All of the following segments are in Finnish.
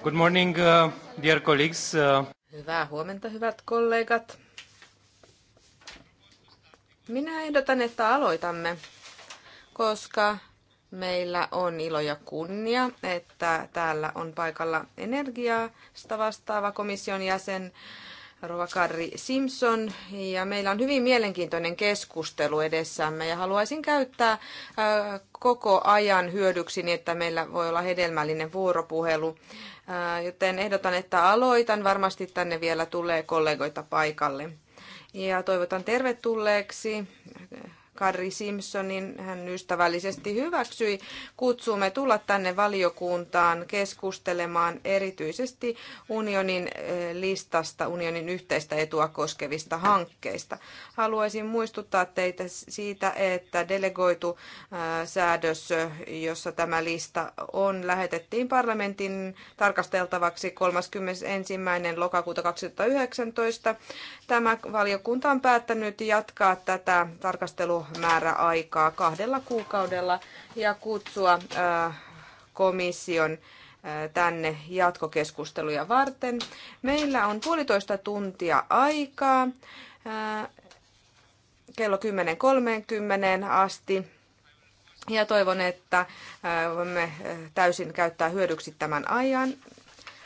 Good morning, uh, dear colleagues. Uh... Hyvää huomenta, hyvät kollegat. Minä ehdotan, että aloitamme, koska meillä on ilo ja kunnia, että täällä on paikalla energiasta vastaava komission jäsen Rova Karri Simpson ja meillä on hyvin mielenkiintoinen keskustelu edessämme ja haluaisin käyttää äh, koko ajan hyödyksi, niin että meillä voi olla hedelmällinen vuoropuhelu joten ehdotan, että aloitan. Varmasti tänne vielä tulee kollegoita paikalle. Ja toivotan tervetulleeksi Kari Simpsonin. Hän ystävällisesti hyväksyi kutsumme tulla tänne valiokuntaan keskustelemaan erityisesti unionin eh, listasta, unionin yhteistä etua koskevista hankkeista. Haluaisin muistuttaa teitä siitä, että delegoitu eh, säädös, jossa tämä lista on, lähetettiin parlamentin tarkasteltavaksi 31. lokakuuta 2019. Tämä valiokunta on päättänyt jatkaa tätä tarkastelua määräaikaa kahdella kuukaudella ja kutsua äh, komission äh, tänne jatkokeskusteluja varten. Meillä on puolitoista tuntia aikaa äh, kello 10.30 asti. Ja toivon, että voimme täysin käyttää hyödyksi tämän ajan.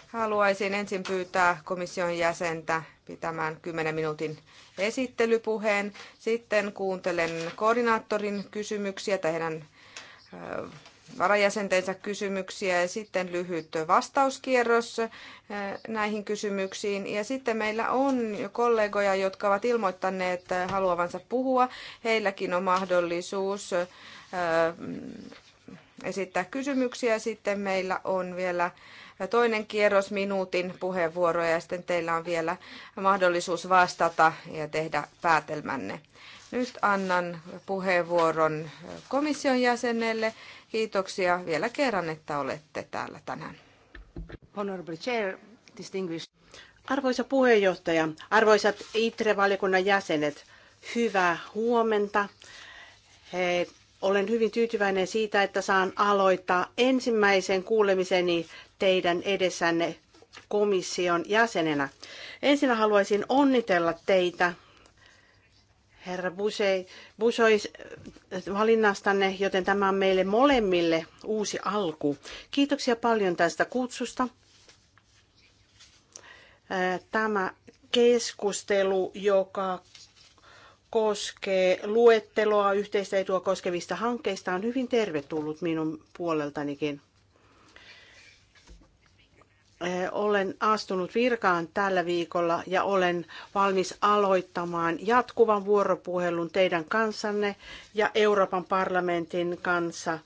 Haluaisin ensin pyytää komission jäsentä pitämään 10 minuutin esittelypuheen. Sitten kuuntelen koordinaattorin kysymyksiä tai heidän varajäsentensä kysymyksiä ja sitten lyhyt vastauskierros näihin kysymyksiin. Ja sitten meillä on kollegoja, jotka ovat ilmoittaneet haluavansa puhua. Heilläkin on mahdollisuus mm, esittää kysymyksiä. Sitten meillä on vielä toinen kierros minuutin puheenvuoroja ja sitten teillä on vielä mahdollisuus vastata ja tehdä päätelmänne. Nyt annan puheenvuoron komission jäsenelle. Kiitoksia vielä kerran, että olette täällä tänään. Honorable Chair, distinguished. Arvoisa puheenjohtaja, arvoisat ITRE-valiokunnan jäsenet, hyvää huomenta. He, olen hyvin tyytyväinen siitä, että saan aloittaa ensimmäisen kuulemiseni teidän edessänne komission jäsenenä. Ensin haluaisin onnitella teitä, herra Busei, Busoi, äh, valinnastanne, joten tämä on meille molemmille uusi alku. Kiitoksia paljon tästä kutsusta. Äh, tämä keskustelu, joka koskee luetteloa yhteistä etua koskevista hankkeista, on hyvin tervetullut minun puoleltanikin. olen astunut virkaan tällä viikolla ja olen valmis aloittamaan jatkuvan vuoropuhelun teidän kanssanne ja Euroopan parlamentin kanssa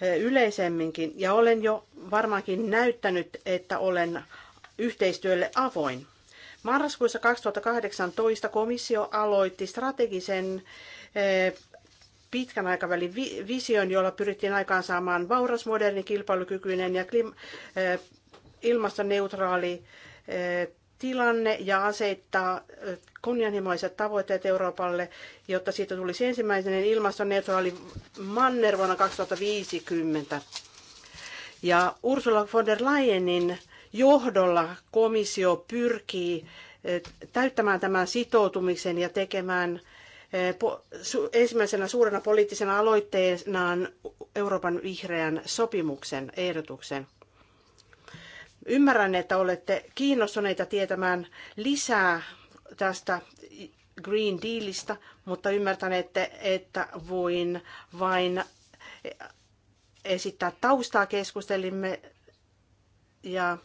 eh, yleisemminkin. Ja olen jo varmaankin näyttänyt, että olen yhteistyölle avoin. Marraskuussa 2018 komissio aloitti strategisen eh, pitkän aikavälin vision, jolla pyrittiin aikaansaamaan vauras, moderni, kilpailukykyinen ja klim- eh, ilmastoneutraali eh, tilanne ja asettaa eh, kunnianhimoiset tavoitteet Euroopalle, jotta siitä tulisi ensimmäinen ilmastoneutraali manner vuonna 2050. Ja Ursula von der Leyenin johdolla komissio pyrkii eh, täyttämään tämän sitoutumisen ja tekemään ensimmäisenä suurena poliittisena aloitteenaan Euroopan vihreän sopimuksen ehdotuksen. Ymmärrän, että olette kiinnostuneita tietämään lisää tästä Green Dealista, mutta ymmärtänette, että voin vain esittää taustaa keskustelimme ja,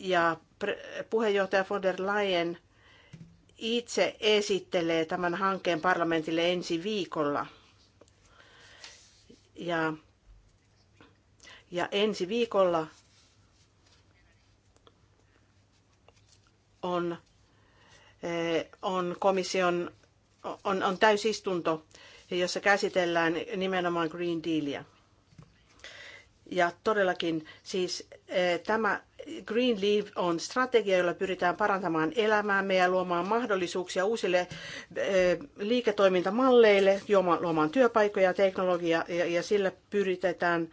ja puheenjohtaja von der Leyen itse esittelee tämän hankkeen parlamentille ensi viikolla. Ja ja ensi viikolla on, eh, on komission on, on täysistunto, jossa käsitellään nimenomaan Green Dealia. Ja todellakin siis Eh, tämä Green Leaf on strategia, jolla pyritään parantamaan elämäämme ja luomaan mahdollisuuksia uusille eh, liiketoimintamalleille, luomaan työpaikkoja ja teknologiaa, ja sillä pyritetään,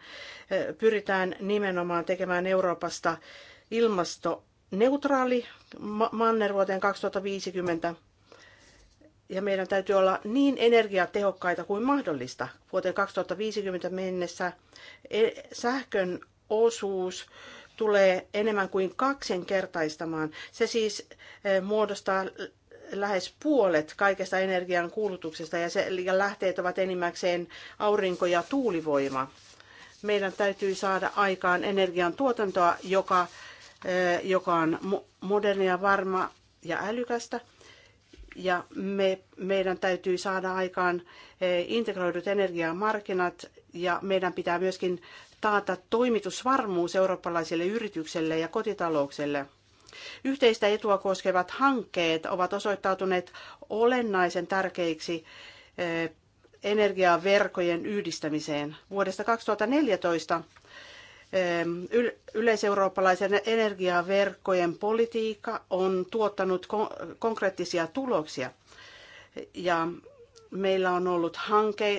eh, pyritään nimenomaan tekemään Euroopasta ilmastoneutraali manner vuoteen 2050. Ja meidän täytyy olla niin energiatehokkaita kuin mahdollista. Vuoteen 2050 mennessä sähkön osuus tulee enemmän kuin kaksinkertaistamaan. Se siis eh, muodostaa lähes puolet kaikesta energian kulutuksesta ja, se, ja lähteet ovat enimmäkseen aurinko- ja tuulivoima. Meidän täytyy saada aikaan energian tuotantoa, joka, eh, joka on modernia, varma ja älykästä. Ja me, meidän täytyy saada aikaan eh, integroidut energiamarkkinat ja meidän pitää myöskin taata toimitusvarmuus eurooppalaisille yrityksille ja kotitalouksille. Yhteistä etua koskevat hankkeet ovat osoittautuneet olennaisen tärkeiksi eh, energiaverkojen yhdistämiseen. Vuodesta 2014 eh, yleiseurooppalaisen energiaverkkojen politiikka on tuottanut konkreettisia tuloksia. Ja meillä on ollut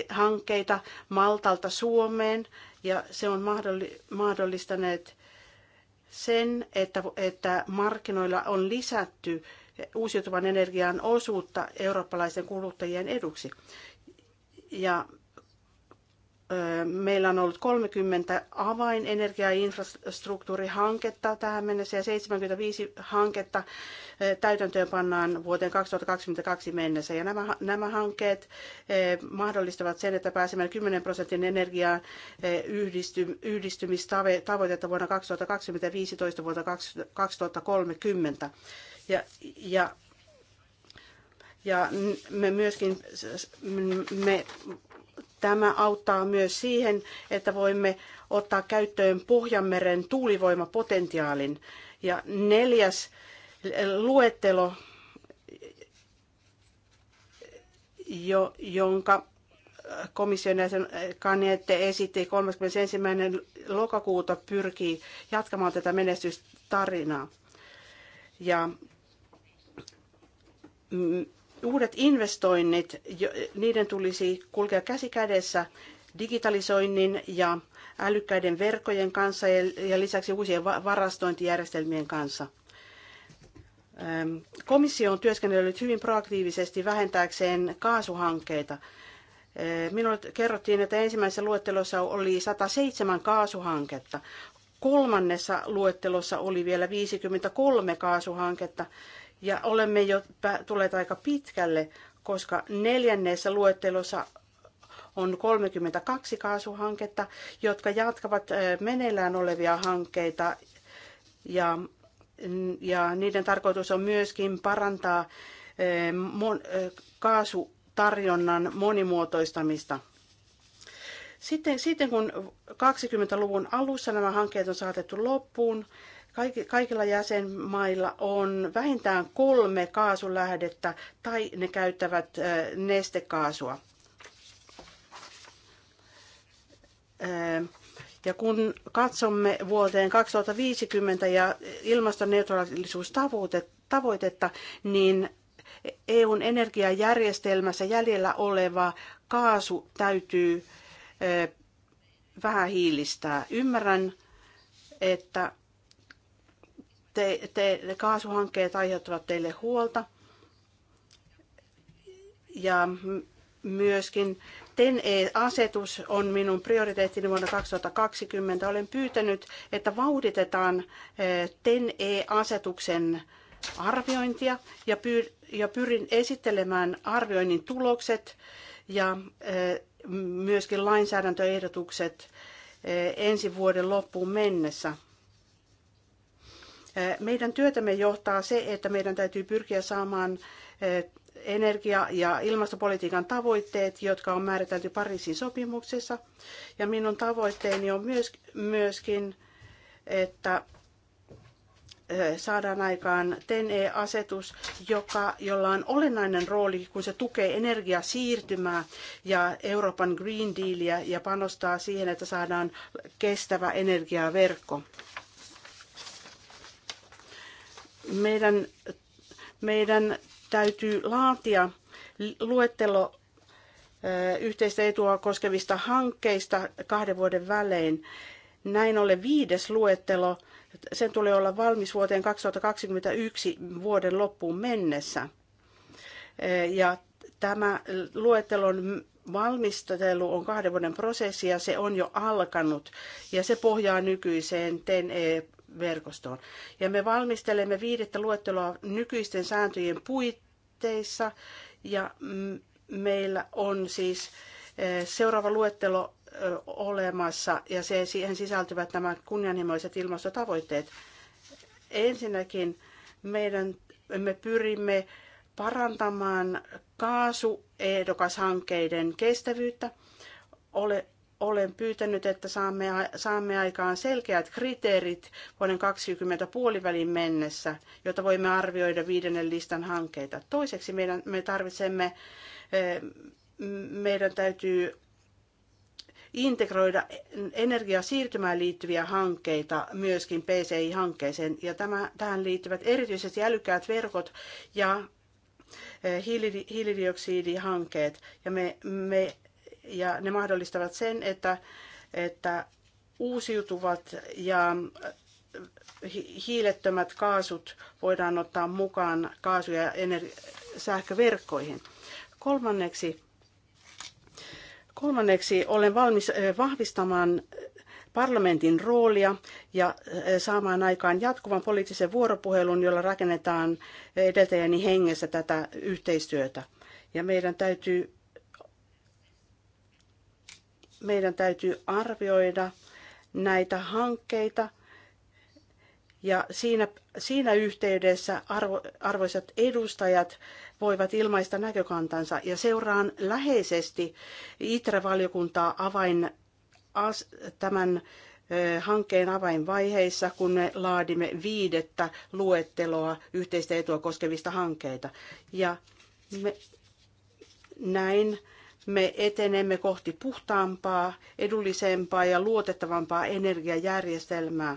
hankkeita Maltalta Suomeen ja se on mahdollistaneet sen, että, että markkinoilla on lisätty uusiutuvan energian osuutta eurooppalaisen kuluttajien eduksi. Ja Meillä on ollut 30 avainenergia- ja infrastruktuurihanketta tähän mennessä ja 75 hanketta täytäntöön pannaan vuoteen 2022 mennessä. Ja nämä, nämä hankkeet mahdollistavat sen, että pääsemme 10 prosentin energiaan yhdistymistavoitetta vuonna 2025 vuonna 2030. Ja, ja ja me myöskin me Tämä auttaa myös siihen, että voimme ottaa käyttöön Pohjanmeren tuulivoimapotentiaalin. Ja neljäs luettelo, jo, jonka komission jäsen Kanette esitti 31. lokakuuta pyrkii jatkamaan tätä menestystarinaa. Ja Uudet investoinnit, niiden tulisi kulkea käsi kädessä digitalisoinnin ja älykkäiden verkkojen kanssa ja lisäksi uusien varastointijärjestelmien kanssa. Komissio on työskennellyt hyvin proaktiivisesti vähentääkseen kaasuhankkeita. Minulle kerrottiin, että ensimmäisessä luettelossa oli 107 kaasuhanketta. Kolmannessa luettelossa oli vielä 53 kaasuhanketta ja olemme jo tulleet aika pitkälle, koska neljänneessä luettelossa on 32 kaasuhanketta, jotka jatkavat meneillään olevia hankkeita ja, mm, ja niiden tarkoitus on myöskin parantaa kaasutarjonnan monimuotoistamista. Sitten, sitten kun 20-luvun alussa nämä hankkeet on saatettu loppuun, Kaikilla jäsenmailla on vähintään kolme kaasulähdettä tai ne käyttävät nestekaasua. Ja kun katsomme vuoteen 2050 ja ilmastoneutraalisuustavoitetta, niin EUn energiajärjestelmässä jäljellä oleva kaasu täytyy vähän hiilistää. Ymmärrän, että te, te, kaasuhankkeet aiheuttavat teille huolta. Ja myöskin TEN-E-asetus on minun prioriteettini vuonna 2020. Olen pyytänyt, että vauhditetaan eh, TEN-E-asetuksen arviointia ja, pyr, ja pyrin esittelemään arvioinnin tulokset ja eh, myöskin lainsäädäntöehdotukset eh, ensi vuoden loppuun mennessä. Eh, meidän työtämme johtaa se, että meidän täytyy pyrkiä saamaan eh, energia- ja ilmastopolitiikan tavoitteet, jotka on määritelty Pariisin sopimuksessa. Ja minun tavoitteeni on myös, myöskin, että eh, saadaan aikaan TEN-E-asetus, joka, jolla on olennainen rooli, kun se tukee energiasiirtymää ja Euroopan Green Dealia ja panostaa siihen, että saadaan kestävä energiaverkko meidän, meidän täytyy laatia luettelo yhteistä etua koskevista hankkeista kahden vuoden välein. Näin ollen viides luettelo, sen tulee olla valmis vuoteen 2021 vuoden loppuun mennessä. Ja tämä luettelon valmistelu on kahden vuoden prosessi ja se on jo alkanut ja se pohjaa nykyiseen ten e verkostoon. Ja me valmistelemme viidettä luetteloa nykyisten sääntöjen puitteissa ja meillä on siis eh, seuraava luettelo eh, olemassa ja se, siihen sisältyvät nämä kunnianhimoiset ilmastotavoitteet. Ensinnäkin meidän, me pyrimme parantamaan kaasuehdokashankkeiden kestävyyttä. Ole, olen pyytänyt, että saamme, saamme aikaan selkeät kriteerit vuoden 2020 puolivälin mennessä, jotta voimme arvioida viidennen listan hankkeita. Toiseksi meidän, me tarvitsemme, eh, meidän täytyy integroida energiasiirtymään liittyviä hankkeita myöskin PCI-hankkeeseen, ja tämä, tähän liittyvät erityisesti älykkäät verkot ja eh, hiilidioksidihankkeet. Ja me, me ja ne mahdollistavat sen, että, että uusiutuvat ja hiilettömät kaasut voidaan ottaa mukaan kaasu- ja sähköverkkoihin. Kolmanneksi, kolmanneksi olen valmis vahvistamaan parlamentin roolia ja saamaan aikaan jatkuvan poliittisen vuoropuhelun, jolla rakennetaan edeltäjäni hengessä tätä yhteistyötä. Ja meidän täytyy meidän täytyy arvioida näitä hankkeita. Ja siinä, siinä yhteydessä, arvo, arvoisat edustajat, voivat ilmaista näkökantansa. Ja seuraan läheisesti ITRA-valiokuntaa avain, as, tämän hankkeen avainvaiheissa, kun me laadimme viidettä luetteloa yhteistä etua koskevista hankkeita. Ja me, näin me etenemme kohti puhtaampaa, edullisempaa ja luotettavampaa energiajärjestelmää.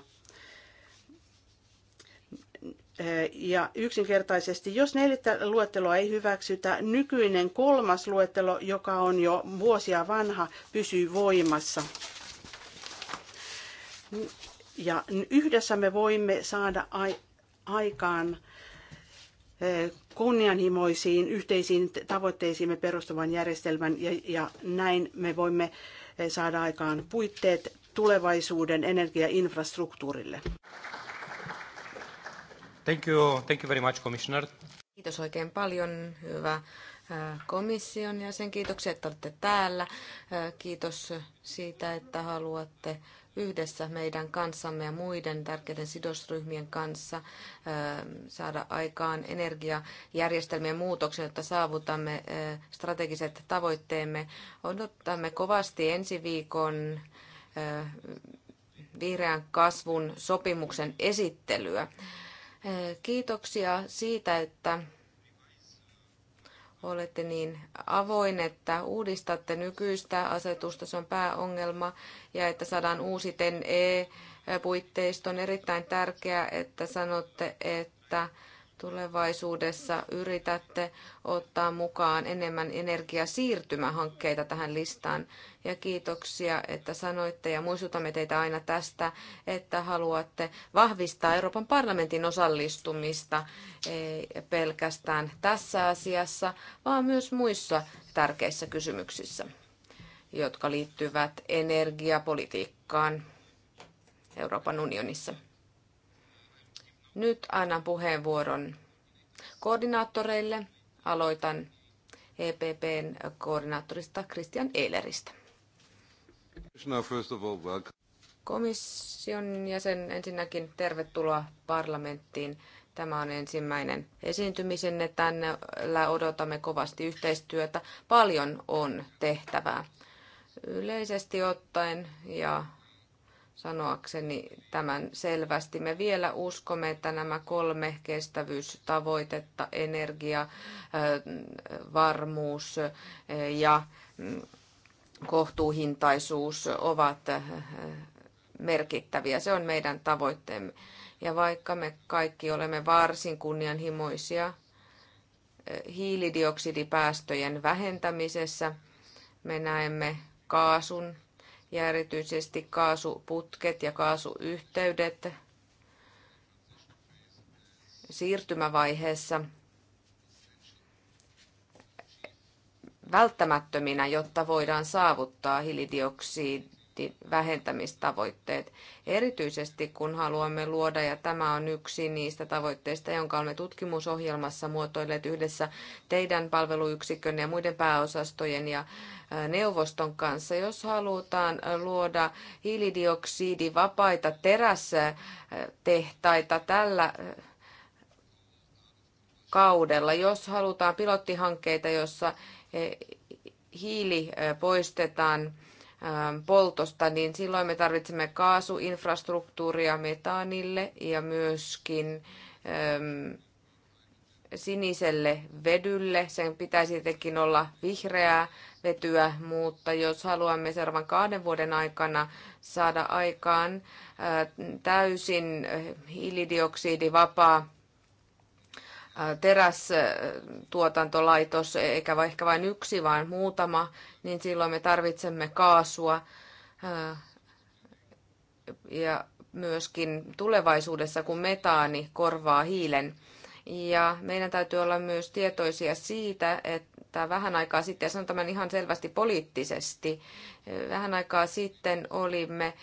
Ja yksinkertaisesti, jos neljättä luetteloa ei hyväksytä, nykyinen kolmas luettelo, joka on jo vuosia vanha, pysyy voimassa. Ja yhdessä me voimme saada aikaan kunnianhimoisiin yhteisiin tavoitteisiimme perustuvan järjestelmän ja, ja näin me voimme eh, saada aikaan puitteet tulevaisuuden energiainfrastruktuurille. Thank you, thank you very much, Commissioner. Kiitos oikein paljon, hyvä eh, komission ja sen kiitoksia, että olette täällä. Eh, kiitos siitä, että haluatte yhdessä meidän kanssamme ja muiden tärkeiden sidosryhmien kanssa saada aikaan energiajärjestelmien muutoksen, jotta saavutamme strategiset tavoitteemme. Odotamme kovasti ensi viikon vihreän kasvun sopimuksen esittelyä. Kiitoksia siitä, että olette niin avoin, että uudistatte nykyistä asetusta, se on pääongelma, ja että saadaan uusi TEN-E-puitteisto. On erittäin tärkeää, että sanotte, että tulevaisuudessa yritätte ottaa mukaan enemmän energiasiirtymähankkeita tähän listaan. Ja kiitoksia, että sanoitte ja muistutamme teitä aina tästä, että haluatte vahvistaa Euroopan parlamentin osallistumista ei pelkästään tässä asiassa, vaan myös muissa tärkeissä kysymyksissä, jotka liittyvät energiapolitiikkaan Euroopan unionissa. Nyt annan puheenvuoron koordinaattoreille. Aloitan EPPn koordinaattorista Christian Eileristä. Komission jäsen ensinnäkin tervetuloa parlamenttiin. Tämä on ensimmäinen esiintymisenne tänne. Odotamme kovasti yhteistyötä. Paljon on tehtävää. Yleisesti ottaen ja sanoakseni tämän selvästi. Me vielä uskomme, että nämä kolme kestävyystavoitetta, energia, varmuus ja mm, kohtuuhintaisuus ovat merkittäviä. Se on meidän tavoitteemme. Ja vaikka me kaikki olemme varsin kunnianhimoisia hiilidioksidipäästöjen vähentämisessä, me näemme kaasun ja erityisesti kaasuputket ja kaasuyhteydet siirtymävaiheessa välttämättöminä, jotta voidaan saavuttaa hiilidioksidi prosentin vähentämistavoitteet. Erityisesti kun haluamme luoda, ja tämä on yksi niistä tavoitteista, jonka olemme tutkimusohjelmassa muotoilleet yhdessä teidän palveluyksikön ja muiden pääosastojen ja neuvoston kanssa, jos halutaan luoda hiilidioksidivapaita terästehtaita tällä kaudella, jos halutaan pilottihankkeita, jossa hiili poistetaan Ähm, poltosta, niin silloin me tarvitsemme kaasuinfrastruktuuria metaanille ja myöskin ähm, siniselle vedylle. Sen pitäisi tietenkin olla vihreää vetyä, mutta jos haluamme seuraavan kahden vuoden aikana saada aikaan äh, täysin äh, hiilidioksidivapaa terästuotantolaitos, e, eikä ehkä vain yksi, vaan muutama, niin silloin me tarvitsemme kaasua. Ja myöskin tulevaisuudessa, kun metaani korvaa hiilen. Ja meidän täytyy olla myös tietoisia siitä, että vähän aikaa sitten, ja sanon tämän ihan selvästi poliittisesti, vähän aikaa sitten olimme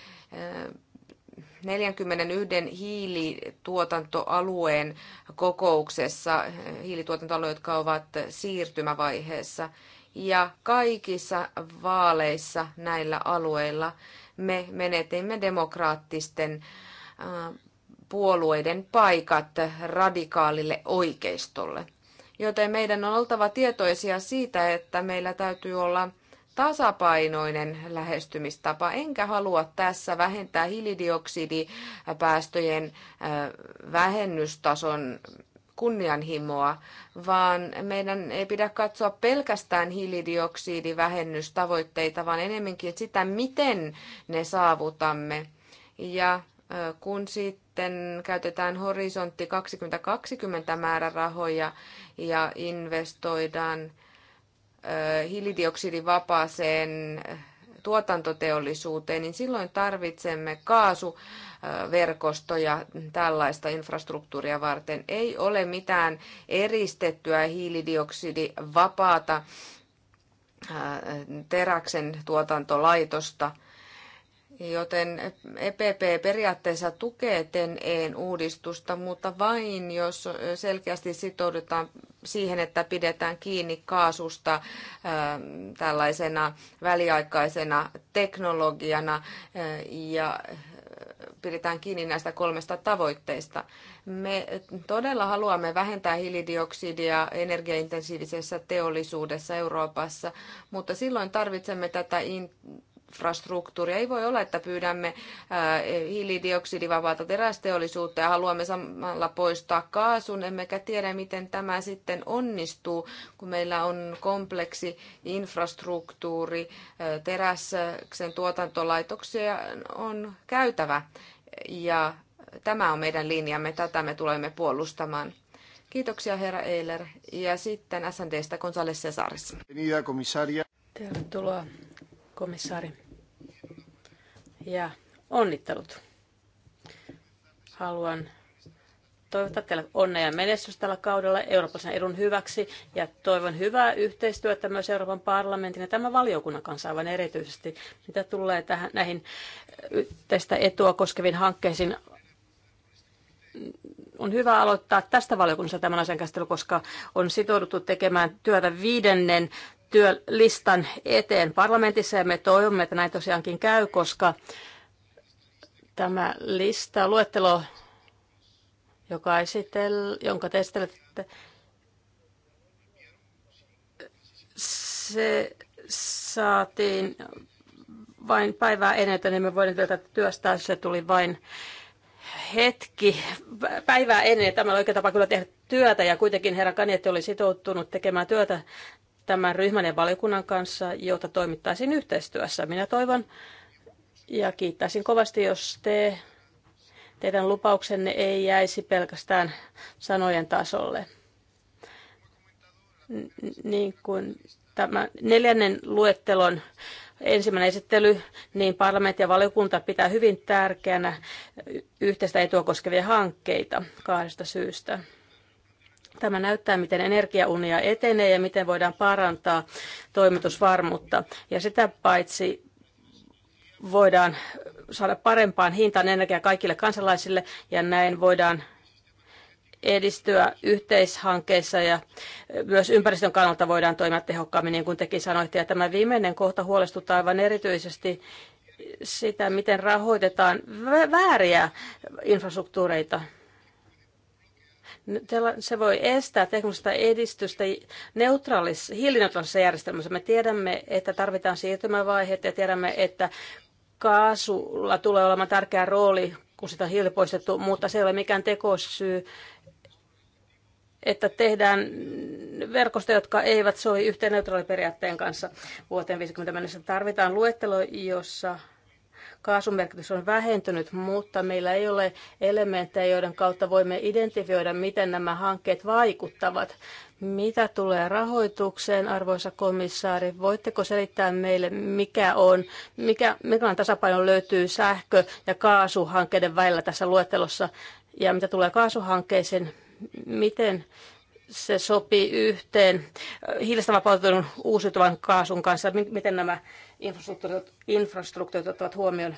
41 hiilituotantoalueen kokouksessa, hiilituotantoalueet, jotka ovat siirtymävaiheessa. Ja kaikissa vaaleissa näillä alueilla me menetimme demokraattisten puolueiden paikat radikaalille oikeistolle. Joten meidän on oltava tietoisia siitä, että meillä täytyy olla tasapainoinen lähestymistapa, enkä halua tässä vähentää hiilidioksidipäästöjen vähennystason kunnianhimoa, vaan meidän ei pidä katsoa pelkästään hiilidioksidivähennystavoitteita, vaan enemmänkin sitä, miten ne saavutamme. Ja kun sitten käytetään horisontti 2020 määrärahoja ja investoidaan hiilidioksidivapaaseen tuotantoteollisuuteen, niin silloin tarvitsemme kaasuverkostoja tällaista infrastruktuuria varten. Ei ole mitään eristettyä hiilidioksidivapaata teräksen tuotantolaitosta – Joten EPP periaatteessa tukee TEN-EEN uudistusta, mutta vain jos selkeästi sitoudutaan siihen, että pidetään kiinni kaasusta tällaisena väliaikaisena teknologiana ja pidetään kiinni näistä kolmesta tavoitteista. Me todella haluamme vähentää hiilidioksidia energiaintensiivisessä teollisuudessa Euroopassa, mutta silloin tarvitsemme tätä in- infrastruktuuria. Ei voi olla, että pyydämme hiilidioksidivapaata terästeollisuutta ja haluamme samalla poistaa kaasun, emmekä tiedä, miten tämä sitten onnistuu, kun meillä on kompleksi infrastruktuuri, teräksen tuotantolaitoksia on käytävä. Ja tämä on meidän linjamme, tätä me tulemme puolustamaan. Kiitoksia herra Eiler. Ja sitten SNDstä González Cesaris. Tervetuloa komissaari ja onnittelut. Haluan toivottaa teille onnea ja menestystä tällä kaudella Euroopan edun hyväksi ja toivon hyvää yhteistyötä myös Euroopan parlamentin ja tämän valiokunnan kanssa aivan erityisesti, mitä tulee tähän, näihin tästä etua koskeviin hankkeisiin. On hyvä aloittaa tästä valiokunnasta tämän asian käsittely, koska on sitouduttu tekemään työtä viidennen työlistan eteen parlamentissa ja me toivomme, että näin tosiaankin käy, koska tämä lista, luettelo, joka esitel, jonka te esittelette, se saatiin vain päivää ennen, että me voimme tätä työstää, se tuli vain hetki, päivää ennen. Tämä oli oikea tapa kyllä tehdä työtä ja kuitenkin herra Kanietti oli sitoutunut tekemään työtä tämän ryhmän ja valiokunnan kanssa, jota toimittaisiin yhteistyössä. Minä toivon ja kiittäisin kovasti, jos te, teidän lupauksenne ei jäisi pelkästään sanojen tasolle. Niin kuin tämä neljännen luettelon ensimmäinen esittely, niin parlamentti ja valiokunta pitää hyvin tärkeänä yhteistä etua koskevia hankkeita kahdesta syystä. Tämä näyttää, miten energiaunia etenee ja miten voidaan parantaa toimitusvarmuutta. Ja sitä paitsi voidaan saada parempaan hintaan energiaa kaikille kansalaisille ja näin voidaan edistyä yhteishankkeissa ja myös ympäristön kannalta voidaan toimia tehokkaammin, niin kuin tekin sanoitte. Ja tämä viimeinen kohta huolestuttaa aivan erityisesti sitä, miten rahoitetaan vääriä infrastruktuureita se voi estää teknologista edistystä neutraalis, hiilineutraalissa järjestelmässä. Me tiedämme, että tarvitaan siirtymävaiheet ja tiedämme, että kaasulla tulee olemaan tärkeä rooli, kun sitä on hiili poistettu, mutta se ei ole mikään tekosyy, että tehdään verkosta, jotka eivät sovi yhteen neutraaliperiaatteen kanssa vuoteen 50 mennessä. Tarvitaan luettelo, jossa Kaasun merkitys on vähentynyt, mutta meillä ei ole elementtejä, joiden kautta voimme identifioida, miten nämä hankkeet vaikuttavat. Mitä tulee rahoitukseen, arvoisa komissaari, voitteko selittää meille, mikä on, mikä, mikä on tasapaino löytyy sähkö- ja kaasuhankkeiden välillä tässä luettelossa, ja mitä tulee kaasuhankkeeseen, miten se sopii yhteen äh, hiilestä vapautetun uusiutuvan kaasun kanssa, miten nämä infrastruktuurit, infrastruktuurit ottavat huomioon.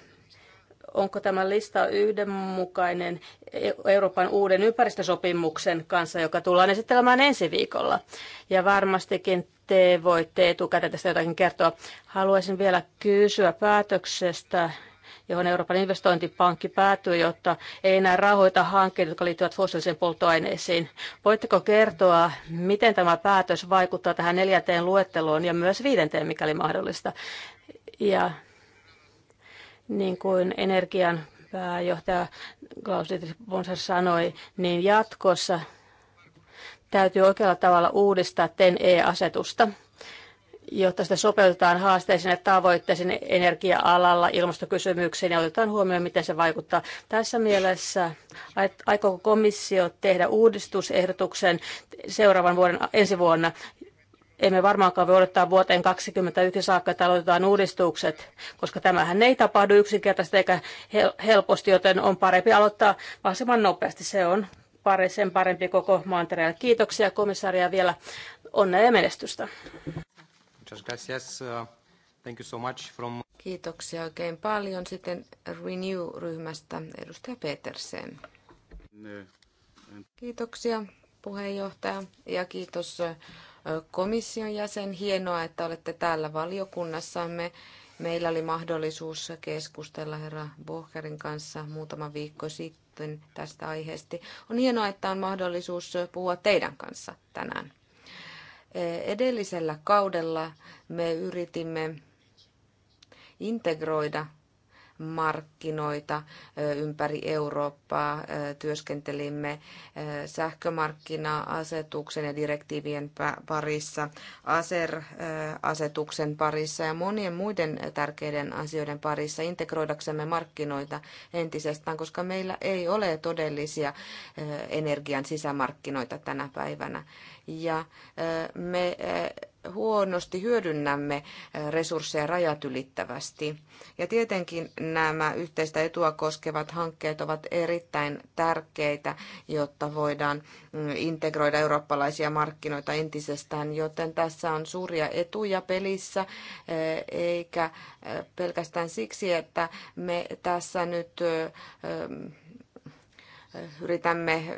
Onko tämä lista yhdenmukainen e- Euroopan uuden ympäristösopimuksen kanssa, joka tullaan esittelemään ensi viikolla? Ja varmastikin te voitte etukäteen tästä jotakin kertoa. Haluaisin vielä kysyä päätöksestä, johon Euroopan investointipankki päätyi, jotta ei enää rahoita hankkeita, jotka liittyvät fossiilisiin polttoaineisiin. Voitteko kertoa, miten tämä päätös vaikuttaa tähän neljänteen luetteloon ja myös viidenteen, mikäli mahdollista? Ja niin kuin energian pääjohtaja Klaus Bonser sanoi, niin jatkossa täytyy oikealla tavalla uudistaa TEN-E-asetusta jotta sitä sopeutetaan haasteisiin ja tavoitteisiin energia-alalla, ilmastokysymyksiin ja otetaan huomioon, miten se vaikuttaa. Tässä mielessä aikooko komissio tehdä uudistusehdotuksen seuraavan vuoden ensi vuonna? Emme varmaankaan voi odottaa vuoteen 2021 saakka, että aloitetaan uudistukset, koska tämähän ei tapahdu yksinkertaisesti eikä helposti, joten on parempi aloittaa mahdollisimman nopeasti. Se on sen parempi koko maantereella. Kiitoksia komissaria vielä onnea ja menestystä. Muchas gracias. Uh, thank you so much from... Kiitoksia oikein paljon. Sitten Renew-ryhmästä edustaja Petersen. Kiitoksia puheenjohtaja ja kiitos uh, komission jäsen. Hienoa, että olette täällä valiokunnassamme. Meillä oli mahdollisuus keskustella herra Bohkerin kanssa muutama viikko sitten tästä aiheesta. On hienoa, että on mahdollisuus uh, puhua teidän kanssa tänään. Edellisellä kaudella me yritimme integroida markkinoita ympäri Eurooppaa. Työskentelimme sähkömarkkina-asetuksen ja direktiivien parissa, ASER-asetuksen parissa ja monien muiden tärkeiden asioiden parissa integroidaksemme markkinoita entisestään, koska meillä ei ole todellisia energian sisämarkkinoita tänä päivänä. Ja me huonosti hyödynnämme eh, resursseja rajat ylittävästi. Ja tietenkin nämä yhteistä etua koskevat hankkeet ovat erittäin tärkeitä, jotta voidaan mm, integroida eurooppalaisia markkinoita entisestään, joten tässä on suuria etuja pelissä, eh, eikä eh, pelkästään siksi, että me tässä nyt yritämme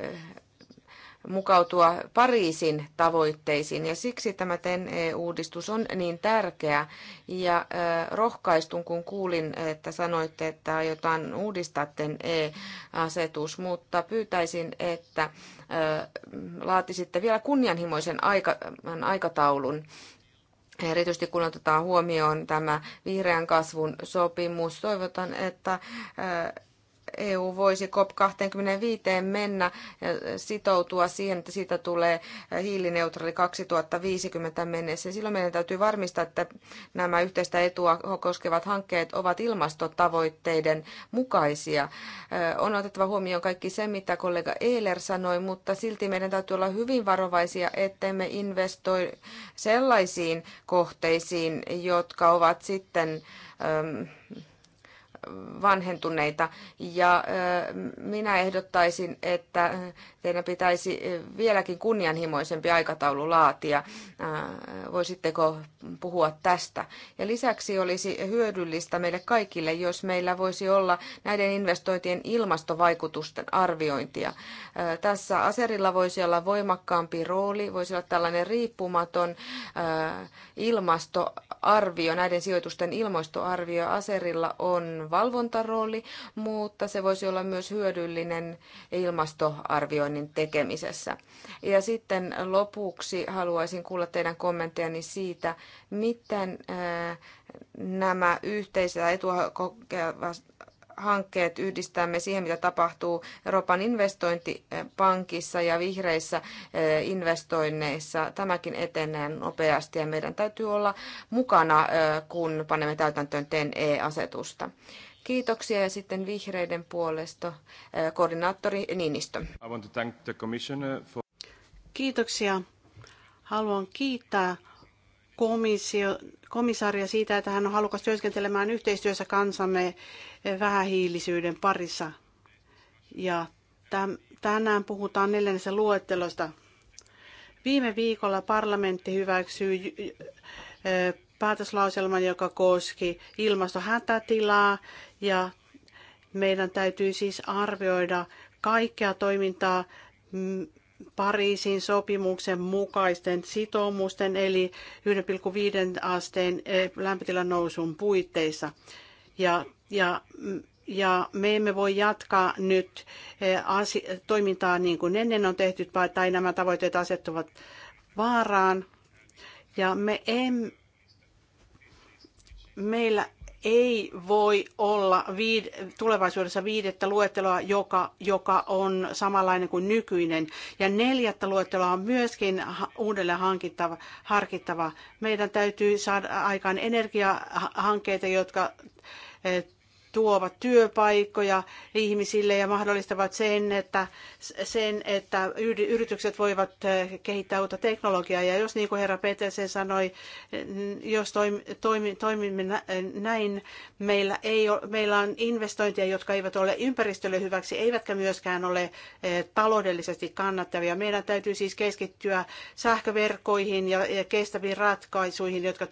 mukautua Pariisin tavoitteisiin ja siksi tämä TEN-uudistus on niin tärkeä ja rohkaistun, kun kuulin, että sanoitte, että aiotaan uudistaa TEN-asetus, mutta pyytäisin, että laatisitte vielä kunnianhimoisen aikataulun Erityisesti kun otetaan huomioon tämä vihreän kasvun sopimus, toivotan, että EU voisi COP25 mennä ja sitoutua siihen, että siitä tulee hiilineutraali 2050 mennessä. Silloin meidän täytyy varmistaa, että nämä yhteistä etua koskevat hankkeet ovat ilmastotavoitteiden mukaisia. On otettava huomioon kaikki se, mitä kollega Eiler sanoi, mutta silti meidän täytyy olla hyvin varovaisia, ettemme investoi sellaisiin kohteisiin, jotka ovat sitten vanhentuneita. Ja minä ehdottaisin, että teidän pitäisi vieläkin kunnianhimoisempi aikataulu laatia. Voisitteko puhua tästä? Ja lisäksi olisi hyödyllistä meille kaikille, jos meillä voisi olla näiden investointien ilmastovaikutusten arviointia. Tässä aserilla voisi olla voimakkaampi rooli, voisi olla tällainen riippumaton ilmastoarvio, näiden sijoitusten ilmastoarvio. Aserilla on valvontarooli, mutta se voisi olla myös hyödyllinen ilmastoarvioinnin tekemisessä. Ja sitten lopuksi haluaisin kuulla teidän kommenttejani siitä, miten nämä yhteisiä etua kokevat hankkeet yhdistämme siihen, mitä tapahtuu Euroopan investointipankissa ja vihreissä eh, investoinneissa. Tämäkin etenee nopeasti ja meidän täytyy olla mukana, eh, kun panemme täytäntöön TEN-E-asetusta. Kiitoksia ja sitten vihreiden puolesta eh, koordinaattori Niinistö. Kiitoksia. Haluan kiittää komissio, siitä, että hän on halukas työskentelemään yhteistyössä kansamme vähähiilisyyden parissa. Ja tänään puhutaan neljännessä luettelosta. Viime viikolla parlamentti hyväksyi päätöslauselman, joka koski ilmastohätätilaa ja meidän täytyy siis arvioida kaikkea toimintaa Pariisin sopimuksen mukaisten sitoumusten eli 1,5 asteen eh, lämpötilan nousun puitteissa. Ja, ja, ja me emme voi jatkaa nyt eh, toimintaa niin kuin ennen on tehty, tai nämä tavoitteet asettuvat vaaraan. Ja me em, meillä ei voi olla viid, tulevaisuudessa viidettä luetteloa, joka, joka on samanlainen kuin nykyinen. Ja neljättä luetteloa on myöskin uudelleen hankittava, harkittava. Meidän täytyy saada aikaan energiahankkeita, jotka eh, tuovat työpaikkoja ihmisille ja mahdollistavat sen, että, sen, että yritykset voivat eh, kehittää uutta teknologiaa. Ja jos niin kuin herra Petersen sanoi, jos toimimme näin, meillä, ei ole, meillä on investointeja, jotka eivät ole ympäristölle hyväksi, eivätkä myöskään ole eh, taloudellisesti kannattavia. Meidän täytyy siis keskittyä sähköverkkoihin ja, ja kestäviin ratkaisuihin, jotka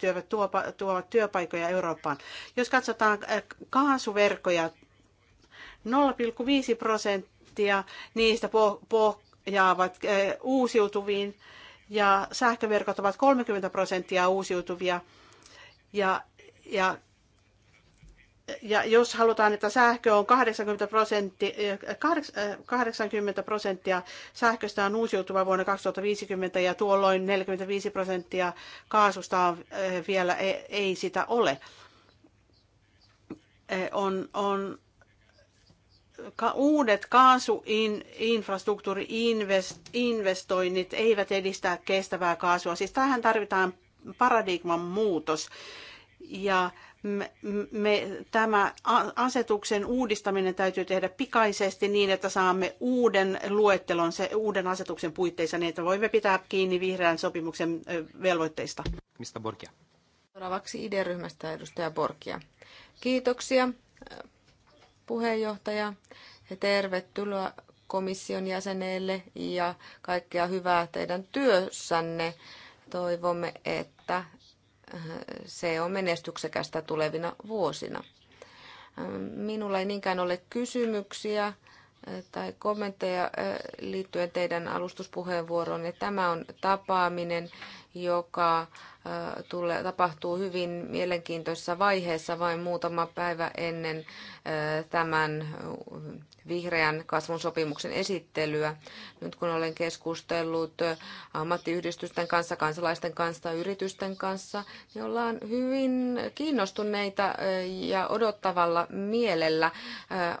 tuovat työpaikkoja Eurooppaan. Jos katsotaan eh, kaasu kaasuverkkoja. 0,5 prosenttia niistä pohjaavat eh, uusiutuviin ja sähköverkot ovat 30 prosenttia uusiutuvia. Ja, ja, ja jos halutaan, että sähkö on 80 prosenttia, 80 prosenttia sähköstä on uusiutuva vuonna 2050 ja tuolloin 45 prosenttia kaasusta on eh, vielä e- ei sitä ole on, on uudet kaasuinfrastruktuuriinvestoinnit eivät edistää kestävää kaasua. Siis tähän tarvitaan paradigman muutos. Ja me, me, tämä asetuksen uudistaminen täytyy tehdä pikaisesti niin, että saamme uuden luettelon, se, uuden asetuksen puitteissa, niin että voimme pitää kiinni vihreän sopimuksen velvoitteista. Mistä Borgia? Seuraavaksi ID-ryhmästä edustaja Borkia. Kiitoksia puheenjohtaja ja tervetuloa komission jäseneille ja kaikkea hyvää teidän työssänne. Toivomme, että äh, se on menestyksekästä tulevina vuosina. Ähm, minulla ei niinkään ole kysymyksiä äh, tai kommentteja äh, liittyen teidän alustuspuheenvuoroon. Tämä on tapaaminen, joka äh, tulee, tapahtuu hyvin mielenkiintoisessa vaiheessa vain muutama päivä ennen äh, tämän vihreän kasvun sopimuksen esittelyä. Nyt kun olen keskustellut äh, ammattiyhdistysten kanssa, kansalaisten kanssa, yritysten kanssa, niin ollaan hyvin kiinnostuneita ja odottavalla mielellä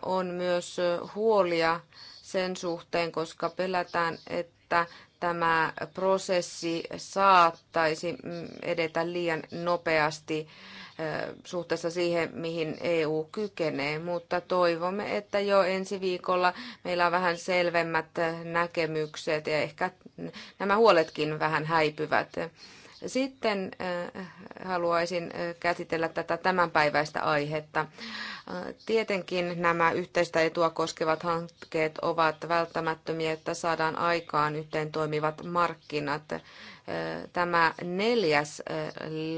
on myös huolia sen suhteen, koska pelätään, että tämä prosessi saattaisi mm, edetä liian nopeasti suhteessa siihen, mihin EU kykenee, mutta toivomme, että jo ensi viikolla meillä on vähän selvemmät näkemykset ja ehkä nämä huoletkin vähän häipyvät. Sitten äh, haluaisin äh, käsitellä tätä tämänpäiväistä aihetta. Äh, tietenkin nämä yhteistä etua koskevat hankkeet ovat välttämättömiä, että saadaan aikaan yhteen toimivat markkinat. Tämä neljäs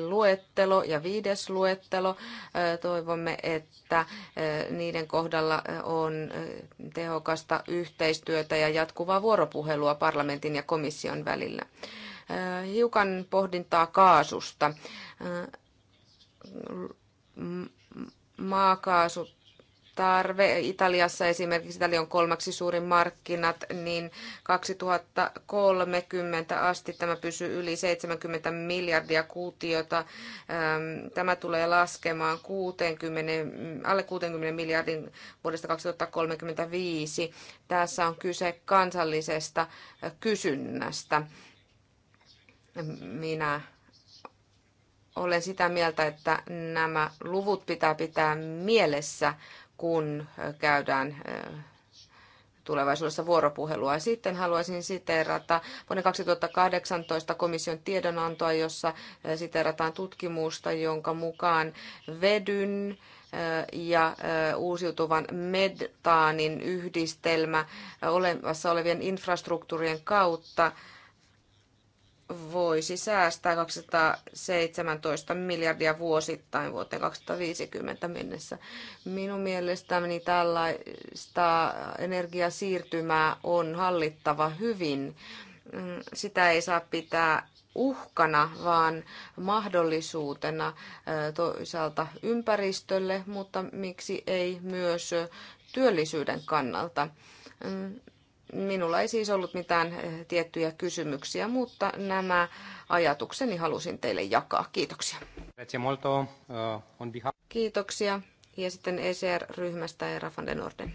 luettelo ja viides luettelo, toivomme, että niiden kohdalla on tehokasta yhteistyötä ja jatkuvaa vuoropuhelua parlamentin ja komission välillä. Äh, hiukan pohdintaa kaasusta. Äh, Maakaasut tarve. Italiassa esimerkiksi Italia on kolmaksi suurin markkinat, niin 2030 asti tämä pysyy yli 70 miljardia kuutiota. Ähm, tämä tulee laskemaan 60, alle 60 miljardin vuodesta 2035. Tässä on kyse kansallisesta kysynnästä. Minä olen sitä mieltä, että nämä luvut pitää pitää mielessä, kun käydään tulevaisuudessa vuoropuhelua. Sitten haluaisin siteerata vuoden 2018 komission tiedonantoa, jossa siteerataan tutkimusta, jonka mukaan vedyn ja uusiutuvan metaanin yhdistelmä olemassa olevien infrastruktuurien kautta voisi säästää 217 miljardia vuosittain vuoteen 2050 mennessä. Minun mielestäni tällaista energiasiirtymää on hallittava hyvin. Sitä ei saa pitää uhkana, vaan mahdollisuutena toisaalta ympäristölle, mutta miksi ei myös työllisyyden kannalta. Minulla ei siis ollut mitään eh, tiettyjä kysymyksiä, mutta nämä ajatukseni halusin teille jakaa. Kiitoksia. Eh, Kiitoksia. Ja sitten ECR-ryhmästä ja van den Orden.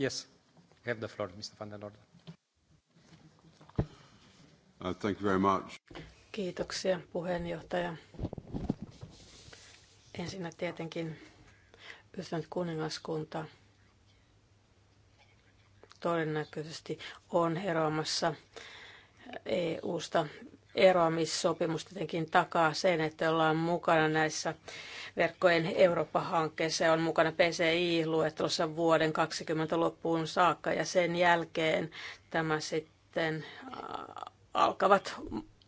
Yes, have the floor, Mr. van den Orden. Uh, thank you very much. Kiitoksia puheenjohtaja. Ensinnä tietenkin ystävät kuningaskunta todennäköisesti on eroamassa EU-sta. Eroamissopimus tietenkin takaa sen, että ollaan mukana näissä verkkojen Eurooppa-hankkeissa on mukana PCI-luettelossa vuoden 2020 loppuun saakka ja sen jälkeen tämä sitten alkavat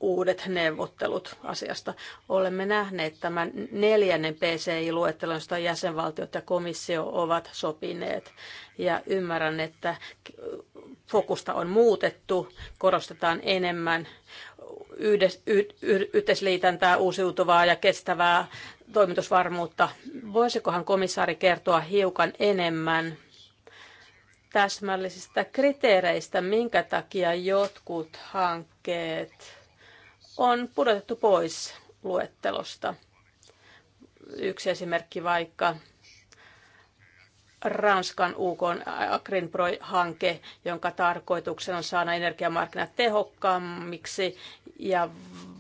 uudet neuvottelut asiasta. Olemme nähneet tämän neljännen PCI-luettelon, josta jäsenvaltiot ja komissio ovat sopineet. Ja ymmärrän, että fokusta on muutettu, korostetaan enemmän yhdes, y, yhteisliitäntää, uusiutuvaa ja kestävää toimitusvarmuutta. Voisikohan komissaari kertoa hiukan enemmän täsmällisistä kriteereistä, minkä takia jotkut hankkeet on pudotettu pois luettelosta. Yksi esimerkki vaikka Ranskan UK Agrinproi-hanke, jonka tarkoituksena on saada energiamarkkinat tehokkaammiksi ja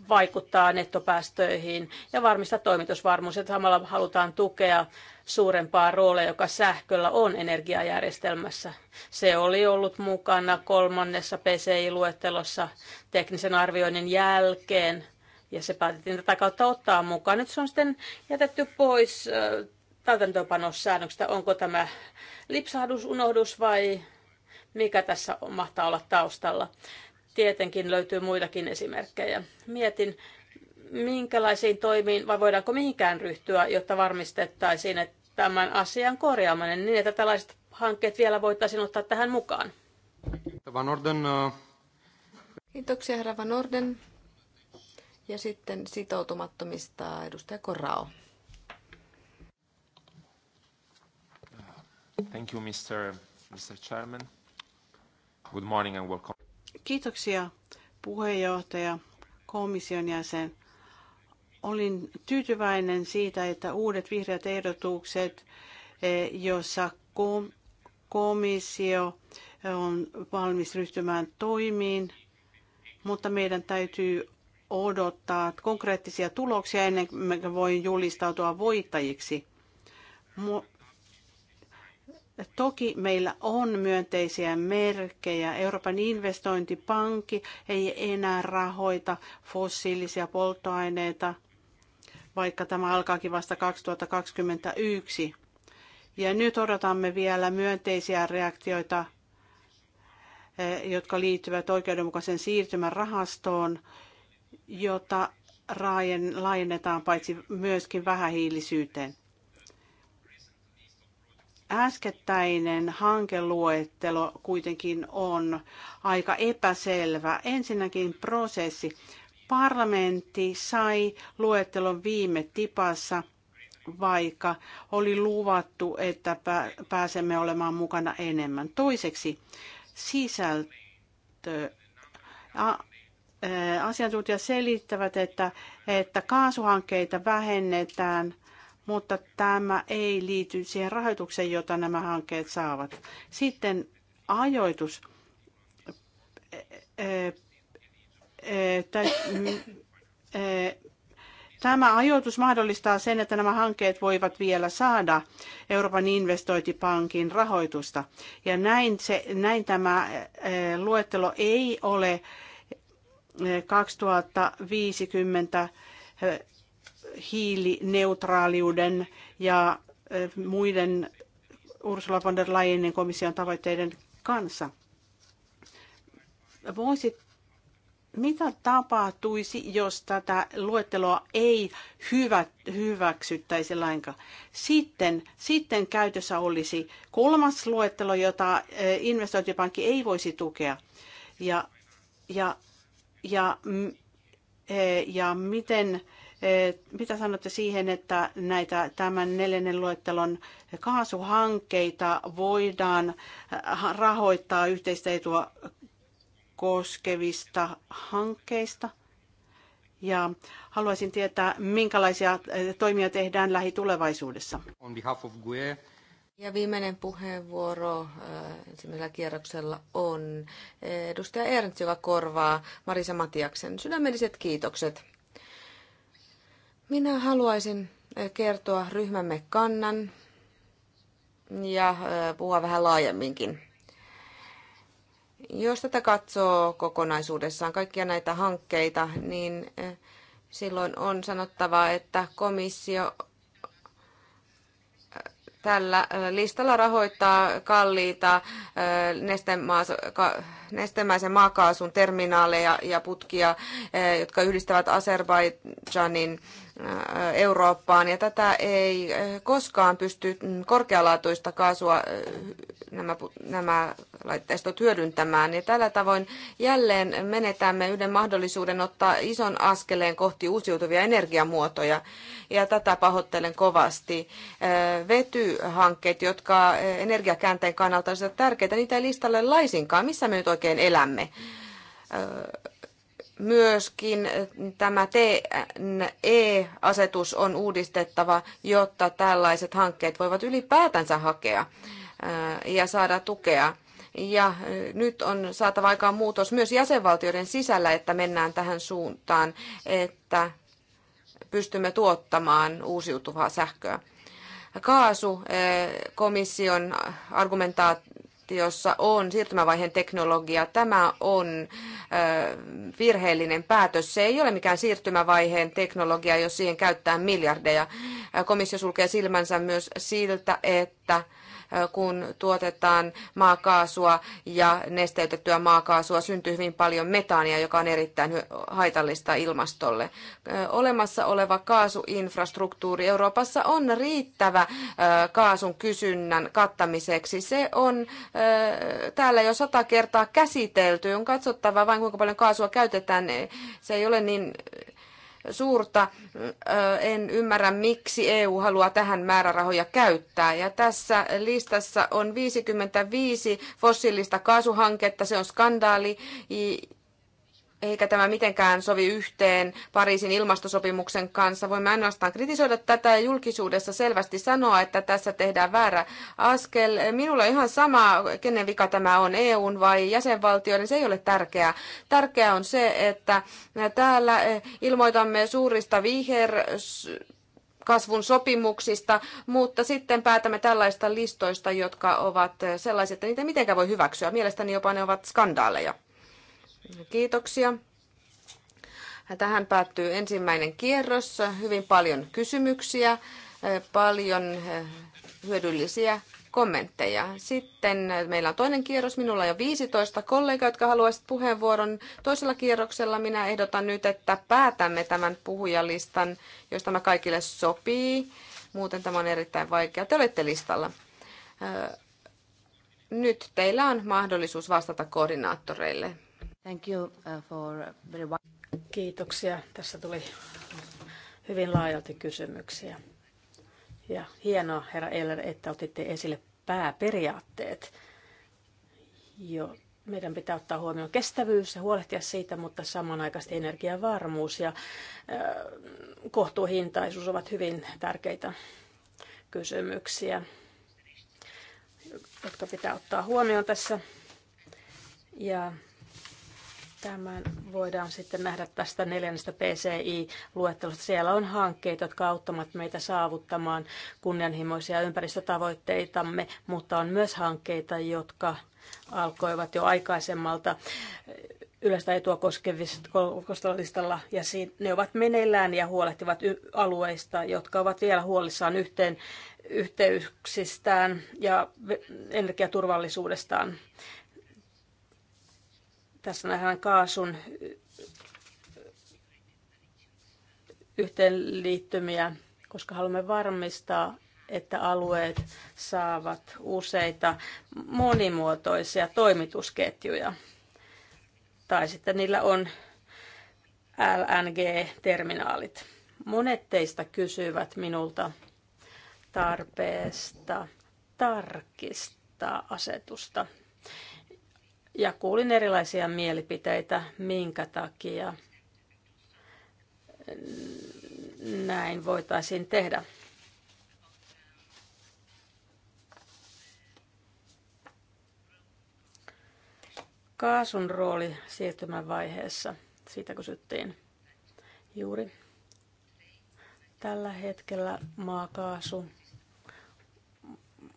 vaikuttaa nettopäästöihin ja varmistaa toimitusvarmuus. Ja samalla halutaan tukea suurempaa roolia, joka sähköllä on energiajärjestelmässä. Se oli ollut mukana kolmannessa PCI-luettelossa teknisen arvioinnin jälkeen, ja se päätettiin tätä kautta ottaa mukaan. Nyt se on sitten jätetty pois täytäntöönpanossäännöksestä. Onko tämä lipsahdus, unohdus vai mikä tässä mahtaa olla taustalla? Tietenkin löytyy muitakin esimerkkejä. Mietin, minkälaisiin toimiin vai voidaanko mihinkään ryhtyä, jotta varmistettaisiin että tämän asian korjaaminen niin, että tällaiset hankkeet vielä voitaisiin ottaa tähän mukaan? Van Orden, äh. Kiitoksia herra Van Orden. Ja sitten sitoutumattomista edustaja Korao. Thank you, Mr. Mr. Chairman. Good morning and welcome. Kiitoksia puheenjohtaja, komission jäsen. Olin tyytyväinen siitä, että uudet vihreät ehdotukset, eh, joissa komissio eh, on valmis ryhtymään toimiin, mutta meidän täytyy odottaa konkreettisia tuloksia ennen kuin voi julistautua voittajiksi. Toki meillä on myönteisiä merkkejä. Euroopan investointipankki ei enää rahoita fossiilisia polttoaineita vaikka tämä alkaakin vasta 2021. Ja nyt odotamme vielä myönteisiä reaktioita, eh, jotka liittyvät oikeudenmukaisen siirtymän rahastoon, jota laajennetaan paitsi myöskin vähähiilisyyteen. Äskettäinen hankeluettelo kuitenkin on aika epäselvä. Ensinnäkin prosessi. Parlamentti sai luettelon viime tipassa, vaikka oli luvattu, että pääsemme olemaan mukana enemmän. Toiseksi sisältö. Asiantuntijat selittävät, että, että kaasuhankkeita vähennetään – mutta tämä ei liity siihen rahoitukseen, jota nämä hankkeet saavat. Sitten ajoitus. Mm, eh, tämä ajoitus mahdollistaa sen, että nämä hankkeet voivat vielä saada Euroopan investointipankin rahoitusta. Ja näin, se, näin tämä eh, luettelo ei ole 2050 eh, hiilineutraaliuden ja muiden Ursula von der Leyenin komission tavoitteiden kanssa. Voisit mitä tapahtuisi, jos tätä luetteloa ei hyvä, hyväksyttäisi lainkaan? Sitten, sitten käytössä olisi kolmas luettelo, jota eh, investointipankki ei voisi tukea. Ja, ja, ja, eh, ja miten, eh, mitä sanotte siihen, että näitä tämän neljännen luettelon kaasuhankkeita voidaan rahoittaa yhteistä etua koskevista hankkeista. Ja haluaisin tietää, minkälaisia toimia tehdään lähitulevaisuudessa. On behalf of GUE. Ja viimeinen puheenvuoro ensimmäisellä kierroksella on edustaja Ernst, joka korvaa Marisa Matiaksen. Sydämelliset kiitokset. Minä haluaisin kertoa ryhmämme kannan ja puhua vähän laajemminkin jos tätä katsoo kokonaisuudessaan, kaikkia näitä hankkeita, niin eh, silloin on sanottava, että komissio eh, tällä eh, listalla rahoittaa kalliita nestemäisen maakaasun terminaaleja ja putkia, jotka yhdistävät Azerbaidžanin Eurooppaan, ja tätä ei koskaan pysty mm, korkealaatuista kaasua nämä, nämä laitteistot hyödyntämään. Ja tällä tavoin jälleen menetämme yhden mahdollisuuden ottaa ison askeleen kohti uusiutuvia energiamuotoja, ja tätä pahoittelen kovasti. Vetyhankkeet, jotka energiakäänteen kannalta olisivat tärkeitä, niitä ei listalle laisinkaan. Missä me nyt oikein elämme? Myöskin tämä TNE-asetus on uudistettava, jotta tällaiset hankkeet voivat ylipäätänsä hakea äh, ja saada tukea. Ja äh, nyt on saatava aikaan muutos myös jäsenvaltioiden sisällä, että mennään tähän suuntaan, että pystymme tuottamaan uusiutuvaa sähköä. Kaasu äh, komission argumentaa, jossa on siirtymävaiheen teknologia. Tämä on virheellinen päätös. Se ei ole mikään siirtymävaiheen teknologia, jos siihen käyttää miljardeja. Komissio sulkee silmänsä myös siltä, että kun tuotetaan maakaasua ja nesteytettyä maakaasua, syntyy hyvin paljon metaania, joka on erittäin haitallista ilmastolle. Olemassa oleva kaasuinfrastruktuuri Euroopassa on riittävä kaasun kysynnän kattamiseksi. Se on täällä jo sata kertaa käsitelty. On katsottava vain, kuinka paljon kaasua käytetään. Se ei ole niin suurta. En ymmärrä, miksi EU haluaa tähän määrärahoja käyttää. Ja tässä listassa on 55 fossiilista kaasuhanketta. Se on skandaali eikä tämä mitenkään sovi yhteen Pariisin ilmastosopimuksen kanssa. Voimme ainoastaan kritisoida tätä ja julkisuudessa selvästi sanoa, että tässä tehdään väärä askel. Minulla on ihan sama, kenen vika tämä on, EUn vai jäsenvaltioiden, se ei ole tärkeää. Tärkeää on se, että täällä ilmoitamme suurista viher kasvun sopimuksista, mutta sitten päätämme tällaista listoista, jotka ovat sellaiset, että niitä mitenkään voi hyväksyä. Mielestäni jopa ne ovat skandaaleja. Kiitoksia. Tähän päättyy ensimmäinen kierros. Hyvin paljon kysymyksiä, paljon eh, hyödyllisiä kommentteja. Sitten eh, meillä on toinen kierros. Minulla on jo 15 kollegaa, jotka haluaisivat puheenvuoron. Toisella kierroksella minä ehdotan nyt, että päätämme tämän puhujalistan, jos tämä kaikille sopii. Muuten tämä on erittäin vaikea. Te olette listalla. Eh, nyt teillä on mahdollisuus vastata koordinaattoreille. Thank you uh, for very... Kiitoksia. Tässä tuli hyvin laajalti kysymyksiä. Ja hienoa, herra Eller, että otitte esille pääperiaatteet. Jo, meidän pitää ottaa huomioon kestävyys ja huolehtia siitä, mutta samanaikaisesti energiavarmuus ja äh, kohtuuhintaisuus ovat hyvin tärkeitä kysymyksiä, jotka pitää ottaa huomioon tässä. Ja Tämän voidaan sitten nähdä tästä neljännestä PCI-luettelosta. Siellä on hankkeita, jotka auttavat meitä saavuttamaan kunnianhimoisia ympäristötavoitteitamme, mutta on myös hankkeita, jotka alkoivat jo aikaisemmalta yleistä etua koskevista listalla, ja ne ovat meneillään ja huolehtivat alueista, jotka ovat vielä huolissaan yhteen yhteyksistään ja energiaturvallisuudestaan. Tässä nähdään kaasun yhteenliittymiä, koska haluamme varmistaa, että alueet saavat useita monimuotoisia toimitusketjuja. Tai sitten niillä on LNG-terminaalit. Monet teistä kysyvät minulta tarpeesta tarkistaa asetusta ja kuulin erilaisia mielipiteitä, minkä takia näin voitaisiin tehdä. Kaasun rooli siirtymävaiheessa, siitä kysyttiin juuri. Tällä hetkellä maakaasu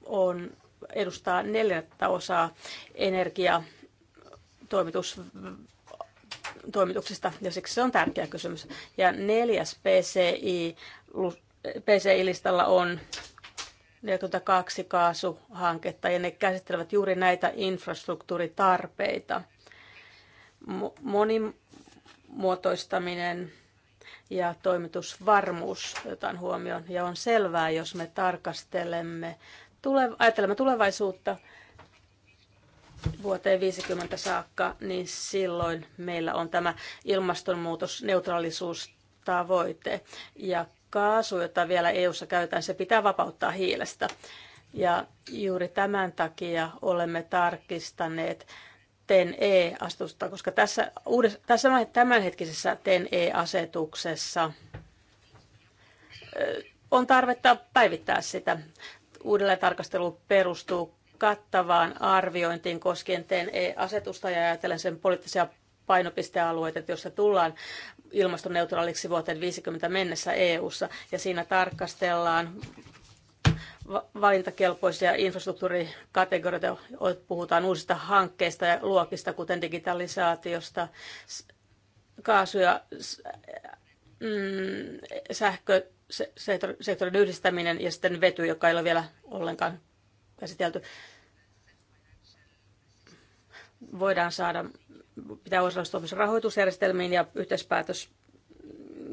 on, edustaa neljättä osaa energiaa toimitus toimituksista, ja siksi se on tärkeä kysymys. Ja neljäs PCI, PCI-listalla on 42 kaasuhanketta, ja ne käsittelevät juuri näitä infrastruktuuritarpeita. Monimuotoistaminen ja toimitusvarmuus otetaan huomioon, ja on selvää, jos me tarkastelemme, tule, ajattelemme tulevaisuutta, vuoteen 50 saakka, niin silloin meillä on tämä ilmastonmuutosneutraalisuustavoite. Ja kaasu, jota vielä EU:ssa käytetään, se pitää vapauttaa hiilestä. Ja juuri tämän takia olemme tarkistaneet TEN-E-asetusta, koska tässä, uudessa, tässä tämänhetkisessä TEN-E-asetuksessa on tarvetta päivittää sitä. Uudelleen tarkastelu perustuu kattavaan arviointiin koskien TNE-asetusta ja ajatellen sen poliittisia painopistealueita, joissa tullaan ilmastoneutraaliksi vuoteen 50 mennessä EU:ssa ja siinä tarkastellaan valintakelpoisia infrastruktuurikategorioita, puhutaan uusista hankkeista ja luokista, kuten digitalisaatiosta, kaasu- ja mm, sähkösektorin yhdistäminen ja sitten vety, joka ei ole vielä ollenkaan käsitelty. Voidaan saada, pitää osallistua myös rahoitusjärjestelmiin ja yhteispäätös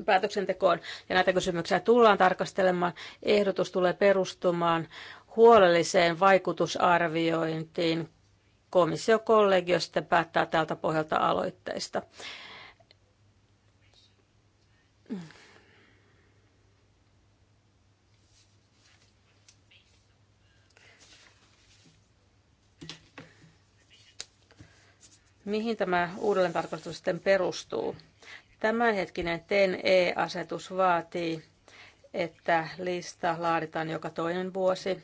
päätöksentekoon ja näitä kysymyksiä tullaan tarkastelemaan. Ehdotus tulee perustumaan huolelliseen vaikutusarviointiin. Komissiokollegio sitten päättää tältä pohjalta aloitteista. Mihin tämä uudelleentarkastus sitten perustuu? Tämänhetkinen TEN-E-asetus vaatii, että lista laaditaan joka toinen vuosi.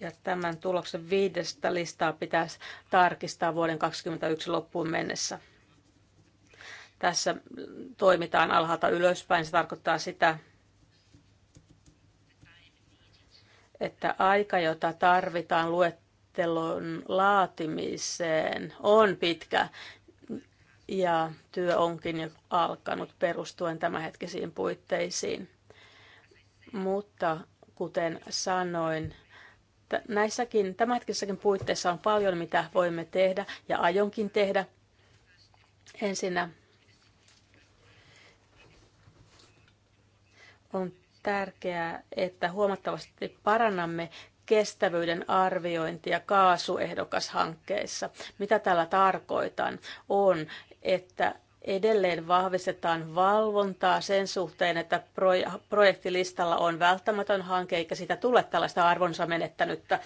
Ja tämän tuloksen viidestä listaa pitäisi tarkistaa vuoden 2021 loppuun mennessä. Tässä toimitaan alhaalta ylöspäin. Se tarkoittaa sitä, että aika, jota tarvitaan luettua luettelon laatimiseen on pitkä ja työ onkin jo alkanut perustuen tämänhetkisiin puitteisiin. Mutta kuten sanoin, näissäkin tämänhetkisissäkin puitteissa on paljon, mitä voimme tehdä ja aionkin tehdä. Ensinnä on tärkeää, että huomattavasti parannamme kestävyyden arviointia kaasuehdokashankkeissa. Mitä tällä tarkoitan on, että edelleen vahvistetaan valvontaa sen suhteen, että projektilistalla on välttämätön hanke, eikä sitä tule tällaista arvonsa menettänyttä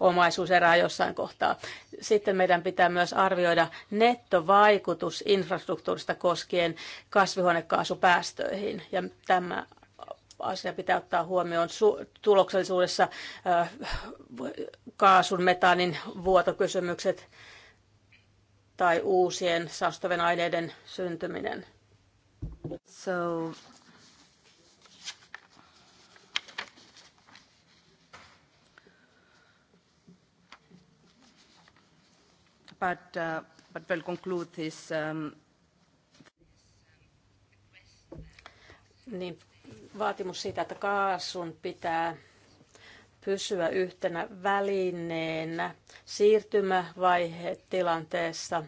omaisuuserää jossain kohtaa. Sitten meidän pitää myös arvioida nettovaikutus infrastruktuurista koskien kasvihuonekaasupäästöihin, ja tämä asia pitää ottaa huomioon su- tuloksellisuudessa äh, kaasun, metaanin vuotokysymykset tai uusien saastavien aineiden syntyminen. So, but, uh, but we'll conclude this um, niin vaatimus siitä, että kaasun pitää pysyä yhtenä välineenä siirtymävaihe tilanteessa.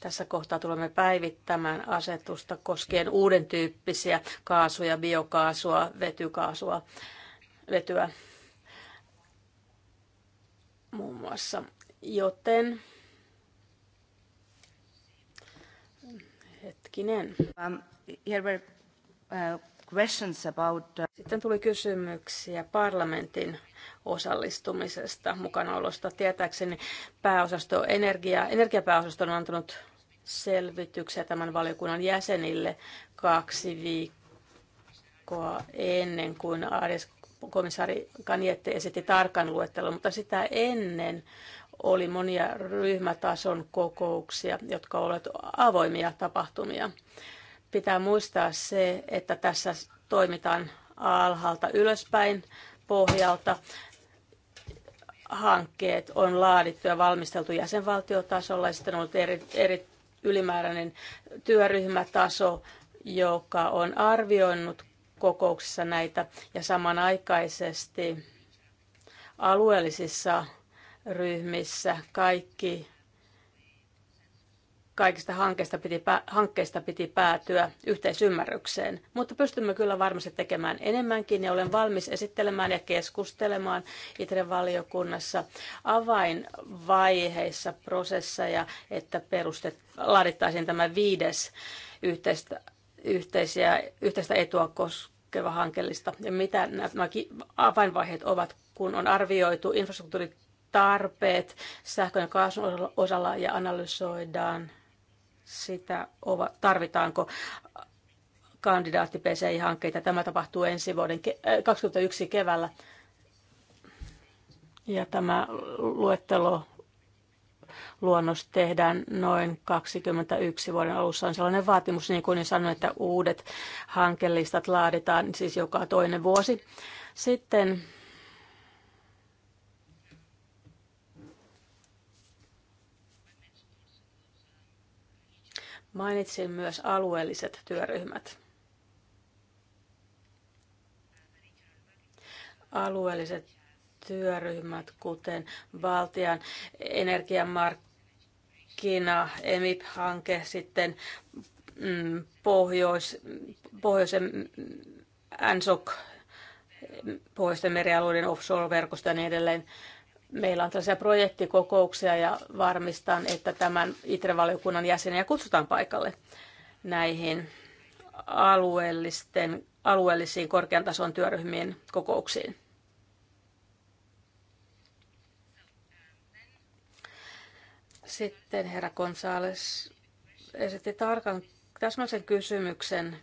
Tässä kohtaa tulemme päivittämään asetusta koskien uuden tyyppisiä kaasuja, biokaasua, vetykaasua, vetyä muun muassa. Joten Hetkinen. Um, here were, uh, questions about, uh... Sitten tuli kysymyksiä parlamentin osallistumisesta, mukanaolosta. Tietääkseni pääosasto energia, energiapääosasto on antanut selvityksiä tämän valiokunnan jäsenille kaksi viikkoa ennen kuin Aris komissaari Kaniette esitti tarkan luettelon, mutta sitä ennen oli monia ryhmätason kokouksia, jotka olivat avoimia tapahtumia. Pitää muistaa se, että tässä toimitaan alhaalta ylöspäin pohjalta. Hankkeet on laadittu ja valmisteltu jäsenvaltiotasolla ja sitten on ollut eri, eri ylimääräinen työryhmätaso, joka on arvioinut kokouksissa näitä ja samanaikaisesti alueellisissa ryhmissä kaikki kaikista hankkeista piti, hankkeista piti päätyä yhteisymmärrykseen, mutta pystymme kyllä varmasti tekemään enemmänkin ja olen valmis esittelemään ja keskustelemaan itse valiokunnassa avainvaiheissa prosesseja, että perustet, laadittaisiin tämä viides yhteistä, yhteisiä, yhteistä etua koskeva ja mitä nämä avainvaiheet ovat, kun on arvioitu infrastruktuurin tarpeet sähkön ja kaasun osalla ja analysoidaan sitä, tarvitaanko kandidaatti PCI-hankkeita. Tämä tapahtuu ensi vuoden 2021 äh, keväällä. Ja tämä luettelo luonnos tehdään noin 21 vuoden alussa. On sellainen vaatimus, niin kuin sanoin, että uudet hankelistat laaditaan siis joka toinen vuosi. Sitten Mainitsin myös alueelliset työryhmät. Alueelliset työryhmät, kuten Baltian energiamarkkina, EMIP-hanke, sitten mm, pohjois, pohjoisen NSOC, pohjoisten merialueiden offshore-verkosto ja niin edelleen meillä on tällaisia projektikokouksia ja varmistan, että tämän ITRE-valiokunnan jäseniä kutsutaan paikalle näihin alueellisten, alueellisiin korkean tason työryhmien kokouksiin. Sitten herra Gonzales esitti tarkan täsmällisen kysymyksen,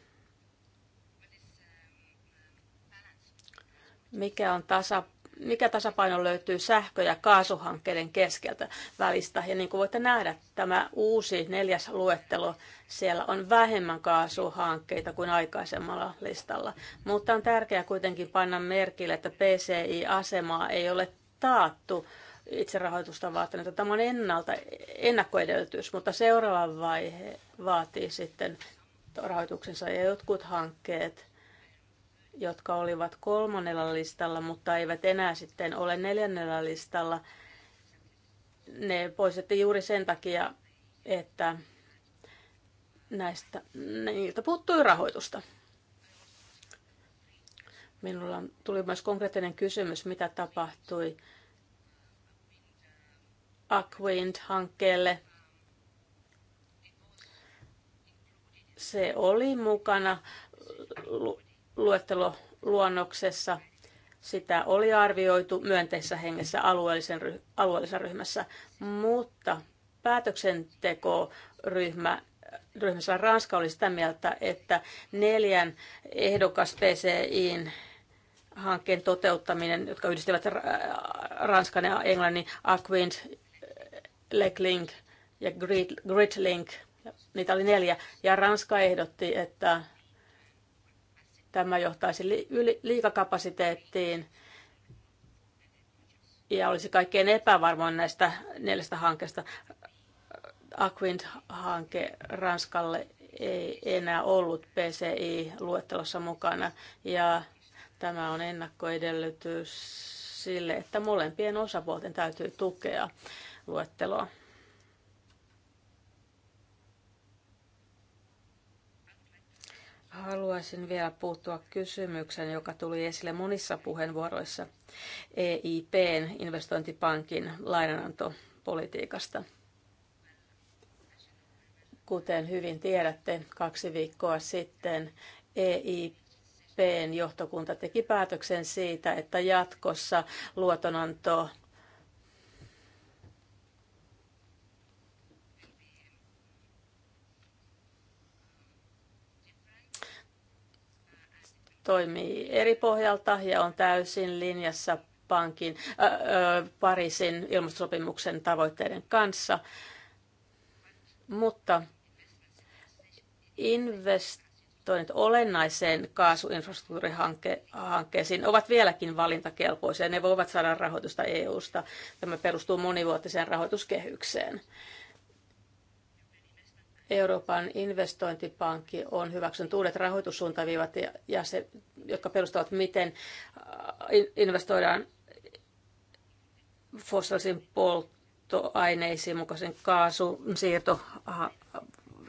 mikä on tasapaino mikä tasapaino löytyy sähkö- ja kaasuhankkeiden keskeltä välistä. Ja niin kuin voitte nähdä, tämä uusi neljäs luettelo, siellä on vähemmän kaasuhankkeita kuin aikaisemmalla listalla. Mutta on tärkeää kuitenkin panna merkille, että PCI-asemaa ei ole taattu itse rahoitusta varten, että tämä on ennalta, ennakkoedellytys, mutta seuraava vaihe vaatii sitten rahoituksensa ja jotkut hankkeet – jotka olivat kolmannella listalla, mutta eivät enää sitten ole neljännellä listalla. Ne poistettiin juuri sen takia, että näistä, niiltä puuttui rahoitusta. Minulla tuli myös konkreettinen kysymys, mitä tapahtui Aquint-hankkeelle. Se oli mukana luetteloluonnoksessa sitä oli arvioitu myönteisessä hengessä alueellisen ryh- alueellisessa ryhmässä, mutta päätöksentekoryhmä ryhmässä Ranska oli sitä mieltä, että neljän ehdokas PCIin hankkeen toteuttaminen, jotka yhdistivät Ranskan ja Englannin, Aquint, Leclink ja Gridlink, niitä oli neljä, ja Ranska ehdotti, että Tämä johtaisi li- liikakapasiteettiin ja olisi kaikkein epävarmoin näistä neljästä hankkeesta. Aquint-hanke Ranskalle ei enää ollut PCI-luettelossa mukana ja tämä on ennakkoedellytys sille, että molempien osapuolten täytyy tukea luetteloa. Haluaisin vielä puuttua kysymykseen, joka tuli esille monissa puheenvuoroissa EIPn investointipankin lainanantopolitiikasta. Kuten hyvin tiedätte, kaksi viikkoa sitten EIPn johtokunta teki päätöksen siitä, että jatkossa luotonanto toimii eri pohjalta ja on täysin linjassa pankin, ää, äh, ää, äh, Pariisin ilmastosopimuksen tavoitteiden kanssa. Mutta investoinnit olennaiseen kaasuinfrastruktuurihankkeisiin ovat vieläkin valintakelpoisia. Ne voivat saada rahoitusta EU-sta. Tämä perustuu monivuotiseen rahoituskehykseen. Euroopan investointipankki on hyväksynyt uudet rahoitussuuntaviivat, ja se, jotka perustavat, miten äh, investoidaan fossiilisiin polttoaineisiin, mukaisen kaasu siirto äh,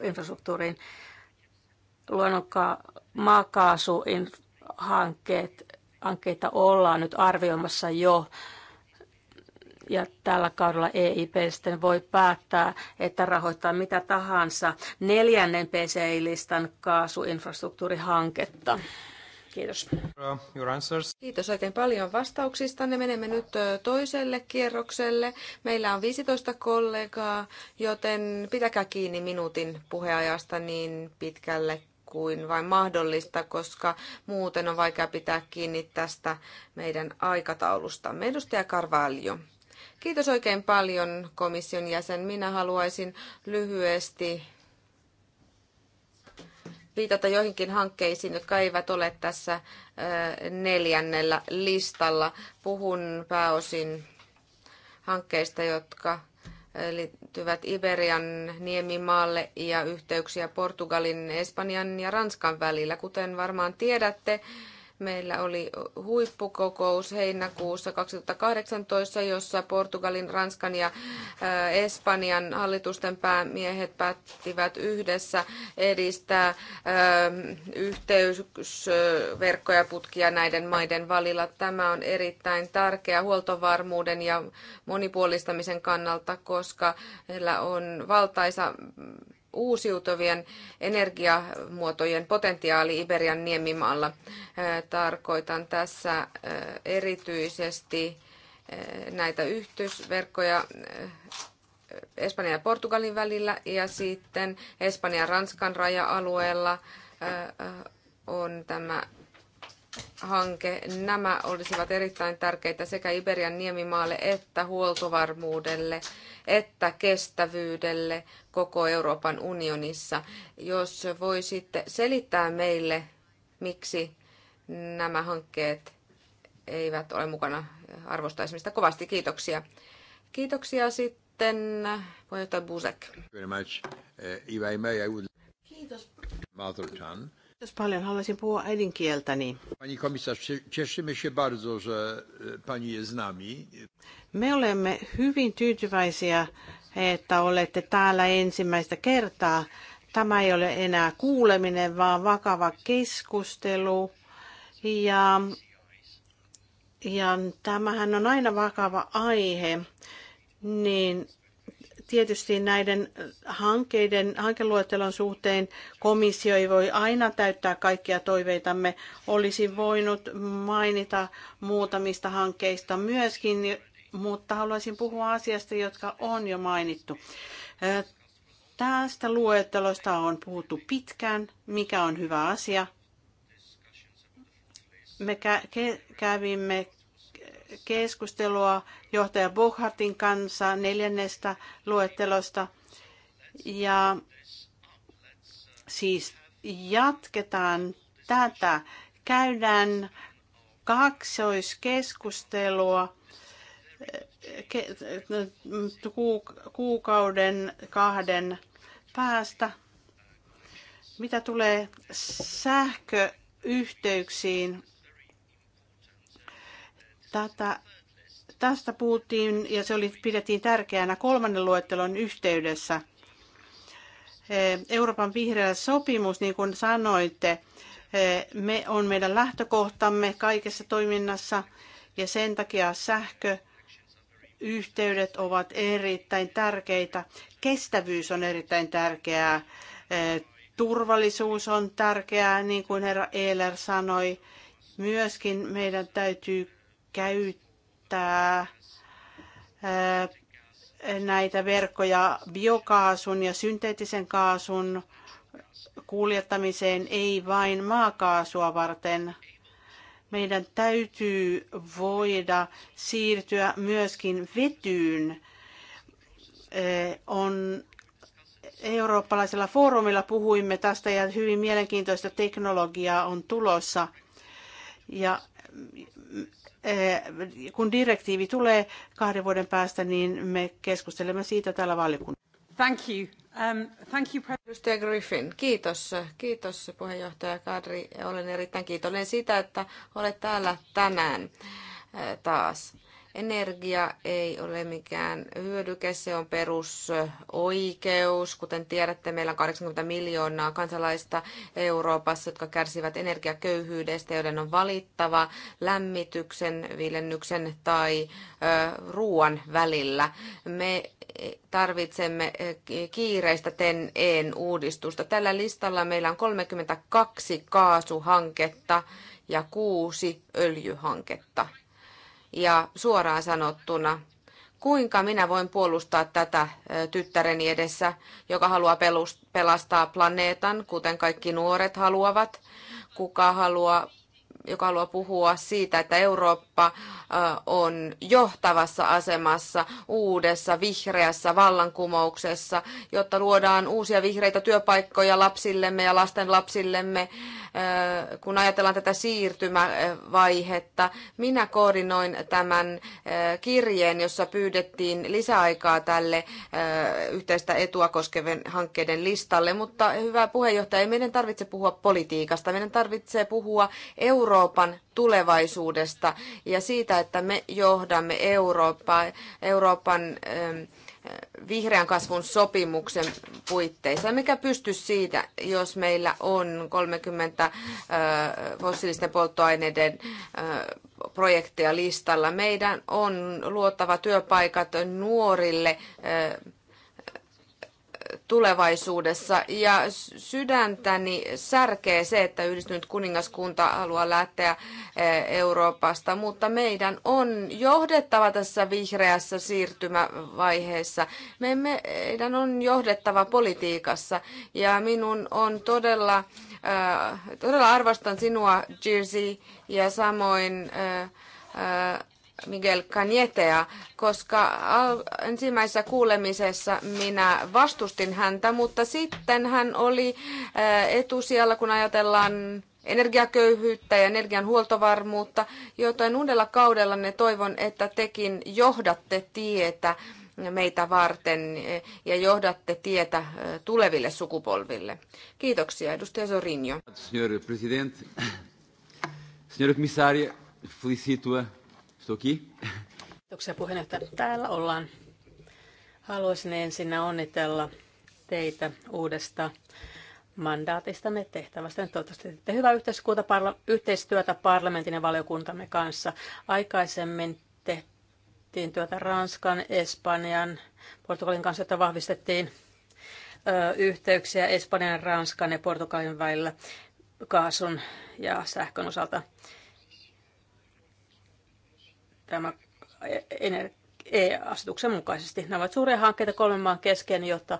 infrastruktuuriin, luonnonka- maakaasuhankkeet hankkeita ollaan nyt arvioimassa jo ja tällä kaudella EIP sitten voi päättää, että rahoittaa mitä tahansa neljännen PCI-listan kaasuinfrastruktuurihanketta. Kiitos. Your answers. Kiitos oikein paljon vastauksista. Ne menemme nyt toiselle kierrokselle. Meillä on 15 kollegaa, joten pitäkää kiinni minuutin puheajasta niin pitkälle kuin vain mahdollista, koska muuten on vaikea pitää kiinni tästä meidän aikataulustamme. Edustaja Carvalho. Kiitos oikein paljon komission jäsen. Minä haluaisin lyhyesti viitata joihinkin hankkeisiin, jotka eivät ole tässä neljännellä listalla. Puhun pääosin hankkeista, jotka liittyvät Iberian niemimaalle ja yhteyksiä Portugalin, Espanjan ja Ranskan välillä. Kuten varmaan tiedätte, Meillä oli huippukokous heinäkuussa 2018, jossa Portugalin, Ranskan ja äh, Espanjan hallitusten päämiehet päättivät yhdessä edistää äh, yhteysverkkoja putkia näiden maiden valilla. Tämä on erittäin tärkeä huoltovarmuuden ja monipuolistamisen kannalta, koska meillä on valtaisa uusiutuvien energiamuotojen potentiaali Iberian niemimaalla. Tarkoitan tässä erityisesti näitä yhteysverkkoja Espanjan ja Portugalin välillä ja sitten Espanjan ja Ranskan raja-alueella on tämä hanke. Nämä olisivat erittäin tärkeitä sekä Iberian niemimaalle että huoltovarmuudelle että kestävyydelle koko Euroopan unionissa. Jos voisitte selittää meille, miksi nämä hankkeet eivät ole mukana, arvostaisimme sitä kovasti. Kiitoksia. Kiitoksia sitten puheenjohtaja Buzek. Uh, Kiitos. Kiitos paljon. Haluaisin puhua äidinkieltäni. Pani komisarz, cieszymy się bardzo, że e, pani jest z nami. Me olemme hyvin tyytyväisiä, että olette täällä ensimmäistä kertaa. Tämä ei ole enää kuuleminen, vaan vakava keskustelu. Ja, ja tämähän on aina vakava aihe, niin tietysti näiden hankkeiden, hankeluettelon suhteen komissio ei voi aina täyttää kaikkia toiveitamme. Olisi voinut mainita muutamista hankkeista myöskin, mutta haluaisin puhua asiasta, jotka on jo mainittu. Tästä luettelosta on puhuttu pitkään, mikä on hyvä asia. Me kävimme keskustelua johtaja Buchhartin kanssa neljännestä luettelosta. Ja siis jatketaan tätä. Käydään kaksoiskeskustelua kuukauden kahden päästä. Mitä tulee sähköyhteyksiin, Tätä, tästä puhuttiin ja se oli, pidettiin tärkeänä kolmannen luettelon yhteydessä. Euroopan vihreä sopimus, niin kuin sanoitte, me on meidän lähtökohtamme kaikessa toiminnassa ja sen takia sähkö yhteydet ovat erittäin tärkeitä. Kestävyys on erittäin tärkeää. Turvallisuus on tärkeää, niin kuin herra Ehler sanoi. Myöskin meidän täytyy käyttää näitä verkkoja biokaasun ja synteettisen kaasun kuljettamiseen, ei vain maakaasua varten. Meidän täytyy voida siirtyä myöskin vetyyn. On eurooppalaisella foorumilla puhuimme tästä ja hyvin mielenkiintoista teknologiaa on tulossa. Ja Äh, kun direktiivi tulee kahden vuoden päästä, niin me keskustelemme siitä täällä valiokunnassa. Thank you. Um, thank you, Edustaja Griffin, kiitos. Kiitos puheenjohtaja Kadri. Olen erittäin kiitollinen siitä, että olet täällä tänään äh, taas. Energia ei ole mikään hyödyke, se on perusoikeus. Kuten tiedätte, meillä on 80 miljoonaa kansalaista Euroopassa, jotka kärsivät energiaköyhyydestä, joiden on valittava lämmityksen, viilennyksen tai ruoan välillä. Me tarvitsemme kiireistä TEN-EEN uudistusta. Tällä listalla meillä on 32 kaasuhanketta ja kuusi öljyhanketta ja suoraan sanottuna, kuinka minä voin puolustaa tätä tyttäreni edessä, joka haluaa pelastaa planeetan, kuten kaikki nuoret haluavat, kuka haluaa joka haluaa puhua siitä, että Eurooppa on johtavassa asemassa uudessa vihreässä vallankumouksessa, jotta luodaan uusia vihreitä työpaikkoja lapsillemme ja lasten lapsillemme, kun ajatellaan tätä siirtymävaihetta. Minä koordinoin tämän kirjeen, jossa pyydettiin lisäaikaa tälle yhteistä etua koskevien hankkeiden listalle, mutta hyvä puheenjohtaja, ei meidän tarvitse puhua politiikasta, meidän tarvitsee puhua Euroopasta Euroopan tulevaisuudesta ja siitä, että me johdamme Eurooppaa, Euroopan ähm, vihreän kasvun sopimuksen puitteissa, mikä pystyy siitä, jos meillä on 30 äh, fossiilisten polttoaineiden äh, projekteja listalla. Meidän on luottava työpaikat nuorille äh, tulevaisuudessa. Ja sydäntäni särkee se, että yhdistynyt kuningaskunta haluaa lähteä eh, Euroopasta, mutta meidän on johdettava tässä vihreässä siirtymävaiheessa. Meidän on johdettava politiikassa ja minun on todella, eh, todella arvostan sinua, Jersey, ja samoin eh, Miguel Canietea, koska ensimmäisessä kuulemisessa minä vastustin häntä, mutta sitten hän oli äh, etusijalla, kun ajatellaan energiaköyhyyttä ja energian huoltovarmuutta, joten uudella kaudella ne toivon, että tekin johdatte tietä meitä varten ja johdatte tietä äh, tuleville sukupolville. Kiitoksia, edustaja Sorinjo. Signor Presidente, signor Commissario, felicito Toki. Kiitoksia puheenjohtaja. Täällä ollaan. Haluaisin ensin onnitella teitä uudesta mandaatistanne tehtävästä. Toivottavasti teette hyvää yhteiskunta, parla, yhteistyötä parlamentin ja valiokuntamme kanssa. Aikaisemmin tehtiin työtä Ranskan, Espanjan, Portugalin kanssa, että vahvistettiin ö, yhteyksiä Espanjan, Ranskan ja Portugalin välillä kaasun ja sähkön osalta tämä e-asetuksen mukaisesti. Nämä ovat suuria hankkeita kolmen maan kesken, jotta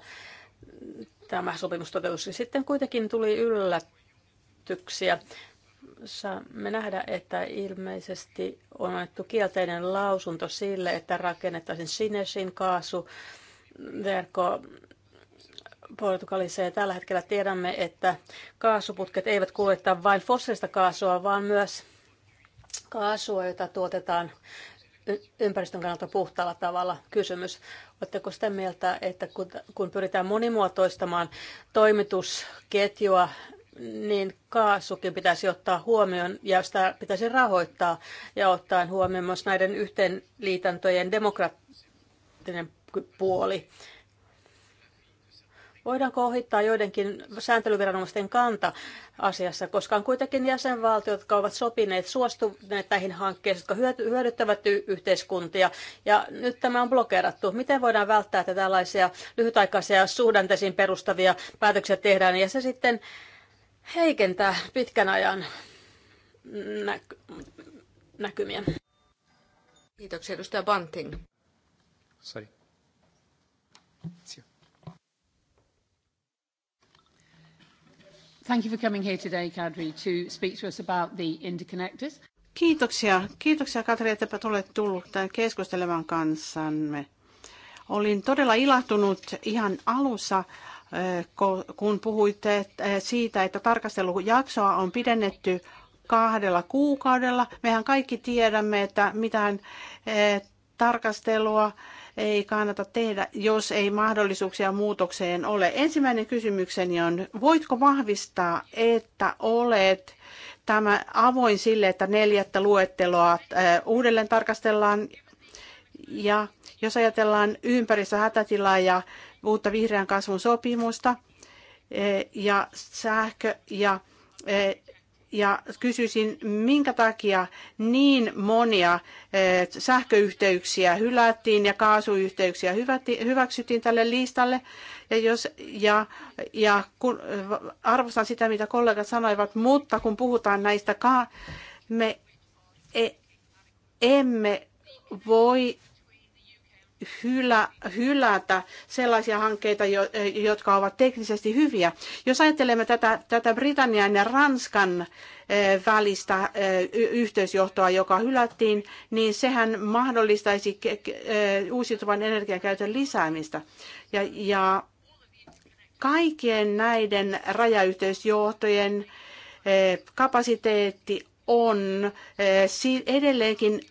tämä sopimus toteutuisi. Sitten kuitenkin tuli yllätyksiä. Saamme nähdä, että ilmeisesti on annettu kielteinen lausunto sille, että rakennettaisiin Sinesin kaasuverkko Portugalissa. Ja tällä hetkellä tiedämme, että kaasuputket eivät kuljettaa vain fossiilista kaasua, vaan myös kaasua, jota tuotetaan ympäristön kannalta puhtaalla tavalla kysymys. Oletteko sitä mieltä, että kun pyritään monimuotoistamaan toimitusketjua, niin kaasukin pitäisi ottaa huomioon ja sitä pitäisi rahoittaa ja ottaa huomioon myös näiden yhteenliitantojen demokraattinen puoli. Voidaanko ohittaa joidenkin sääntelyviranomaisten kanta asiassa, koska on kuitenkin jäsenvaltiot, jotka ovat sopineet, suostuneet näihin hankkeisiin, jotka hyödyttävät yhteiskuntia, ja nyt tämä on blokeerattu. Miten voidaan välttää, että tällaisia lyhytaikaisia suhdanteisiin perustavia päätöksiä tehdään, ja se sitten heikentää pitkän ajan näkymiä? Kiitoksia, edustaja Banting. Sorry. Sì. Thank you for coming here today, Kadri, to speak to us about the interconnectors. Kiitoksia. Kiitoksia Katri, että olet tullut tämän keskustelevan kanssamme. Olin todella ilahtunut ihan alussa, eh, kun puhuitte eh, siitä, että tarkastelujaksoa on pidennetty kahdella kuukaudella. Mehän kaikki tiedämme, että mitään eh, tarkastelua ei kannata tehdä, jos ei mahdollisuuksia muutokseen ole. Ensimmäinen kysymykseni on, voitko vahvistaa, että olet tämä avoin sille, että neljättä luetteloa äh, uudelleen tarkastellaan ja jos ajatellaan ympäristöhätätilaa ja uutta vihreän kasvun sopimusta äh, ja sähkö ja äh, ja kysyisin, minkä takia niin monia eh, sähköyhteyksiä hylättiin ja kaasuyhteyksiä hyväksyttiin tälle listalle. Ja, jos, ja, ja kun, eh, arvostan sitä, mitä kollegat sanoivat, mutta kun puhutaan näistä, me e-, emme voi hylä, hylätä sellaisia hankkeita, jotka ovat teknisesti hyviä. Jos ajattelemme tätä, tätä Britannian ja Ranskan eh, välistä eh, yhteisjohtoa, joka hylättiin, niin sehän mahdollistaisi eh, uusiutuvan energian käytön lisäämistä. Ja, ja kaikkien näiden rajayhteisjohtojen kapasiteetti on edelleenkin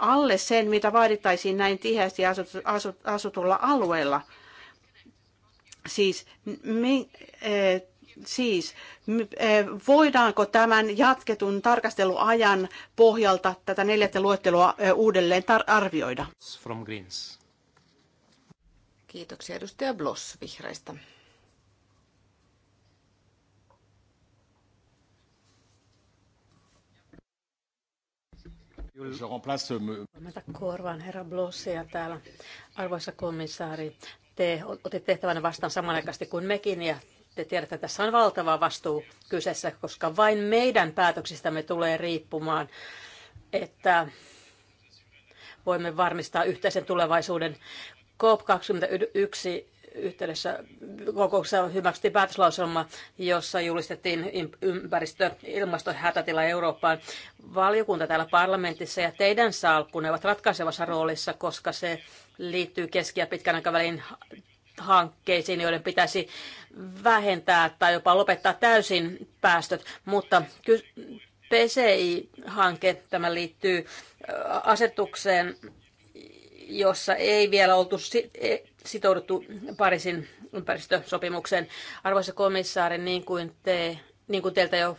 alle sen, mitä vaadittaisiin näin tiheästi asutulla alueella. Siis, me, siis e, voidaanko tämän jatketun tarkasteluajan pohjalta tätä neljättä luettelua e, uudelleen arvioida? From Greens. Kiitoksia edustaja Bloss vihreistä. Mä korvaan herra Blossia täällä. Arvoisa komissaari, te otitte tehtävänä vastaan samanaikaisesti kuin mekin ja te tiedätte, että tässä on valtava vastuu kyseessä, koska vain meidän päätöksistämme tulee riippumaan, että voimme varmistaa yhteisen tulevaisuuden. COP21 yhteydessä kokouksessa hyväksyttiin päätöslauselma, jossa julistettiin ympäristö- ilmastohätätila Eurooppaan. Valiokunta täällä parlamentissa ja teidän salkkunne ovat ratkaisevassa roolissa, koska se liittyy keski- ja pitkän aikavälin hankkeisiin, joiden pitäisi vähentää tai jopa lopettaa täysin päästöt, mutta PCI-hanke, tämä liittyy asetukseen jossa ei vielä oltu e, sitouduttu Pariisin ympäristösopimukseen. Arvoisa komissaari, niin kuin, te, niin kuin teiltä jo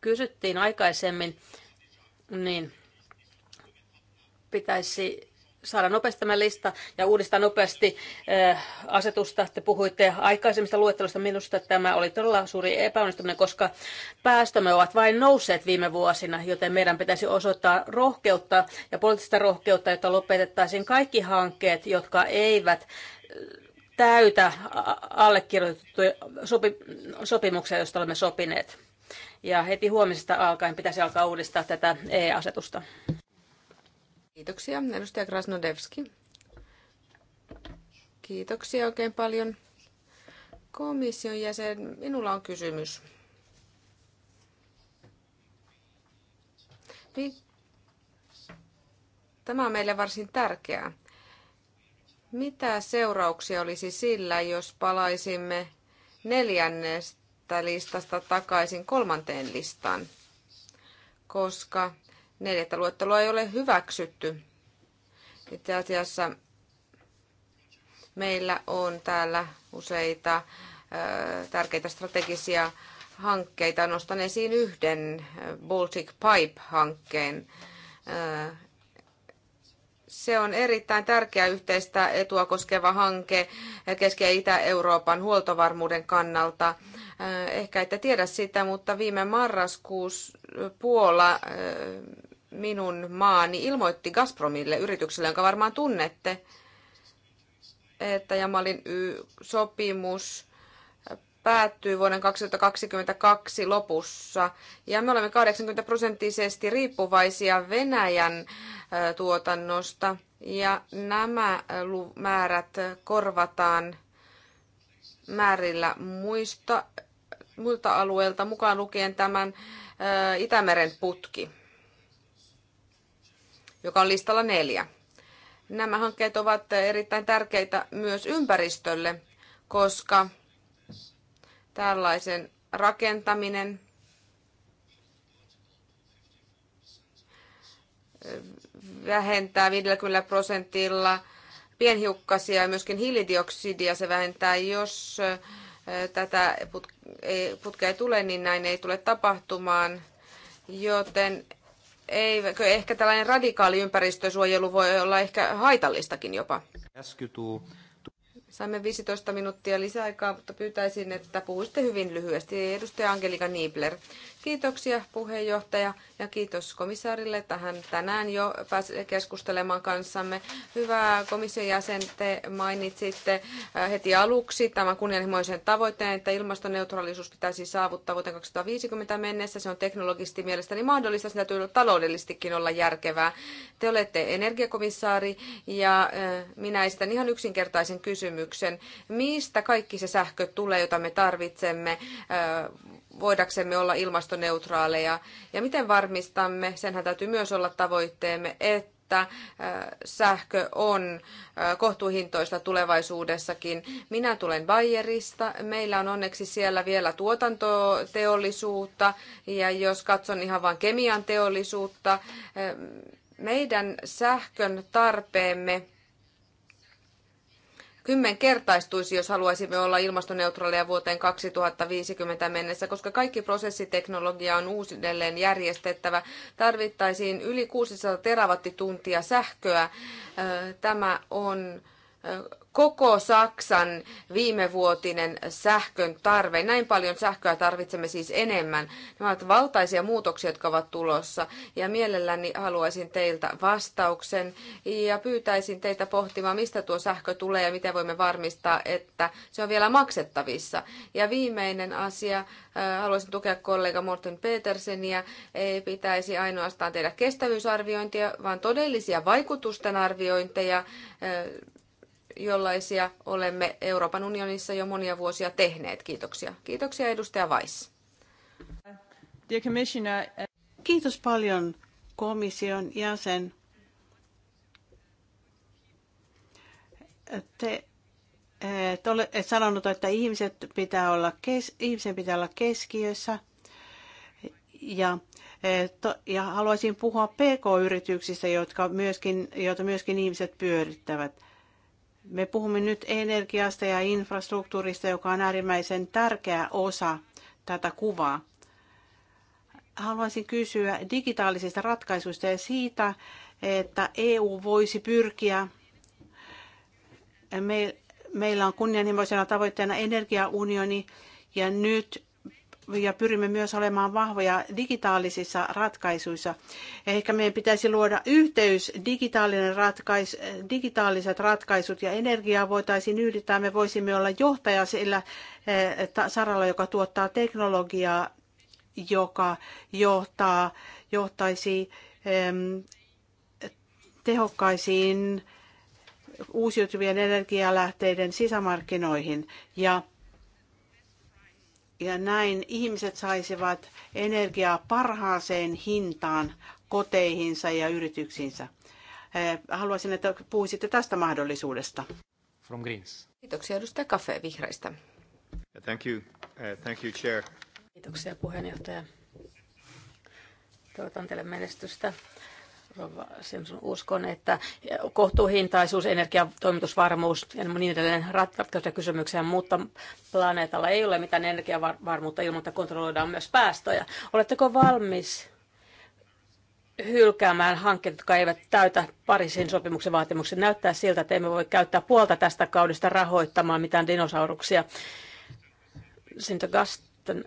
kysyttiin aikaisemmin, niin pitäisi saada nopeasti tämä lista ja uudistaa nopeasti eh, asetusta. Te puhuitte aikaisemmista luettelosta. Minusta että tämä oli todella suuri epäonnistuminen, koska päästömme ovat vain nousseet viime vuosina, joten meidän pitäisi osoittaa rohkeutta ja poliittista rohkeutta, jotta lopetettaisiin kaikki hankkeet, jotka eivät eh, täytä allekirjoitettuja sopi, sopimuksia, joista olemme sopineet. Ja heti huomisesta alkaen pitäisi alkaa uudistaa tätä E-asetusta. Kiitoksia. Edustaja Krasnodevski. Kiitoksia oikein paljon. Komission jäsen, minulla on kysymys. Niin, tämä on meille varsin tärkeää. Mitä seurauksia olisi sillä, jos palaisimme neljännestä listasta takaisin kolmanteen listaan? Koska Neljättä luettelua ei ole hyväksytty. Itse asiassa meillä on täällä useita tärkeitä strategisia hankkeita. Nostan esiin yhden Baltic Pipe-hankkeen. Se on erittäin tärkeä yhteistä etua koskeva hanke Keski- ja Itä-Euroopan huoltovarmuuden kannalta. Ehkä ette tiedä sitä, mutta viime marraskuussa Puola minun maani ilmoitti Gazpromille, yritykselle, jonka varmaan tunnette, että Jamalin sopimus päättyy vuoden 2022 lopussa. Ja me olemme 80 prosenttisesti riippuvaisia Venäjän tuotannosta. Ja nämä määrät korvataan määrillä muista, muilta alueilta, mukaan lukien tämän Itämeren putki joka on listalla neljä. Nämä hankkeet ovat erittäin tärkeitä myös ympäristölle, koska tällaisen rakentaminen eh, vähentää 50 prosentilla pienhiukkasia ja myöskin hiilidioksidia se vähentää, jos eh, tätä putkea ei tule, niin näin ei tule tapahtumaan. Joten ei, ehkä tällainen radikaali ympäristösuojelu voi olla ehkä haitallistakin jopa. Saimme 15 minuuttia lisäaikaa, mutta pyytäisin, että puhuisitte hyvin lyhyesti. Edustaja Angelika Niebler. Kiitoksia puheenjohtaja ja kiitos komissaarille, että hän tänään jo pääsi keskustelemaan kanssamme. Hyvää komission jäsen, te mainitsitte äh, heti aluksi tämän kunnianhimoisen tavoitteen, että ilmastoneutraalisuus pitäisi saavuttaa vuoteen 2050 mennessä. Se on teknologisesti mielestäni mahdollista, se täytyy taloudellistikin olla järkevää. Te olette energiakomissaari ja äh, minä esitän ihan yksinkertaisen kysymyksen. Mistä kaikki se sähkö tulee, jota me tarvitsemme äh, voidaksemme olla ilmastoneutraaleja ja miten varmistamme, senhän täytyy myös olla tavoitteemme, että äh, sähkö on äh, kohtuuhintoista tulevaisuudessakin. Minä tulen Bayerista. Meillä on onneksi siellä vielä tuotantoteollisuutta ja jos katson ihan vain kemian teollisuutta, äh, meidän sähkön tarpeemme kymmenkertaistuisi, jos haluaisimme olla ilmastoneutraaleja vuoteen 2050 mennessä, koska kaikki prosessiteknologia on uudelleen järjestettävä. Tarvittaisiin yli 600 terawattituntia sähköä. Tämä on koko Saksan viimevuotinen sähkön tarve. Näin paljon sähköä tarvitsemme siis enemmän. Nämä ovat valtaisia muutoksia, jotka ovat tulossa. Ja mielelläni haluaisin teiltä vastauksen ja pyytäisin teitä pohtimaan, mistä tuo sähkö tulee ja miten voimme varmistaa, että se on vielä maksettavissa. Ja viimeinen asia, äh, haluaisin tukea kollega Morten Peterseniä. Ei pitäisi ainoastaan tehdä kestävyysarviointia, vaan todellisia vaikutusten arviointeja äh, jollaisia olemme Euroopan unionissa jo monia vuosia tehneet. Kiitoksia. Kiitoksia edustaja Weiss. Uh, Kiitos paljon komission jäsen. Te eh, te ole sanonut, että ihmiset pitää olla kes, ihmisen pitää olla keskiössä ja eh, to, ja haluaisin puhua PK-yrityksistä, jotka myöskin, joita myöskin ihmiset pyörittävät. Me puhumme nyt energiasta ja infrastruktuurista, joka on äärimmäisen tärkeä osa tätä kuvaa. Haluaisin kysyä digitaalisista ratkaisuista ja siitä, että EU voisi pyrkiä. Me, meillä on kunnianhimoisena tavoitteena energiaunioni ja nyt ja pyrimme myös olemaan vahvoja digitaalisissa ratkaisuissa. Ehkä meidän pitäisi luoda yhteys, digitaalinen ratkais, digitaaliset ratkaisut ja energiaa voitaisiin yhdistää. Me voisimme olla johtaja sillä eh, saralla, joka tuottaa teknologiaa, joka johtaa, johtaisi tehokkaisiin uusiutuvien energialähteiden sisämarkkinoihin ja ja näin ihmiset saisivat energiaa parhaaseen hintaan koteihinsa ja yrityksiinsä. Eh, haluaisin, että puhuisitte tästä mahdollisuudesta. From Greens. Kiitoksia edustaja Kafe Vihreistä. Thank you. Eh, thank you, Chair. Kiitoksia puheenjohtaja. Toivotan teille menestystä uskon, että kohtuuhintaisuus, energiatoimitusvarmuus ja niin edelleen ratkaisuja kysymykseen, mutta planeetalla ei ole mitään energiavarmuutta ilman, että kontrolloidaan myös päästöjä. Oletteko valmis hylkäämään hankkeet, jotka eivät täytä Pariisin sopimuksen vaatimuksia. Näyttää siltä, että emme voi käyttää puolta tästä kaudesta rahoittamaan mitään dinosauruksia. Sinto Gaston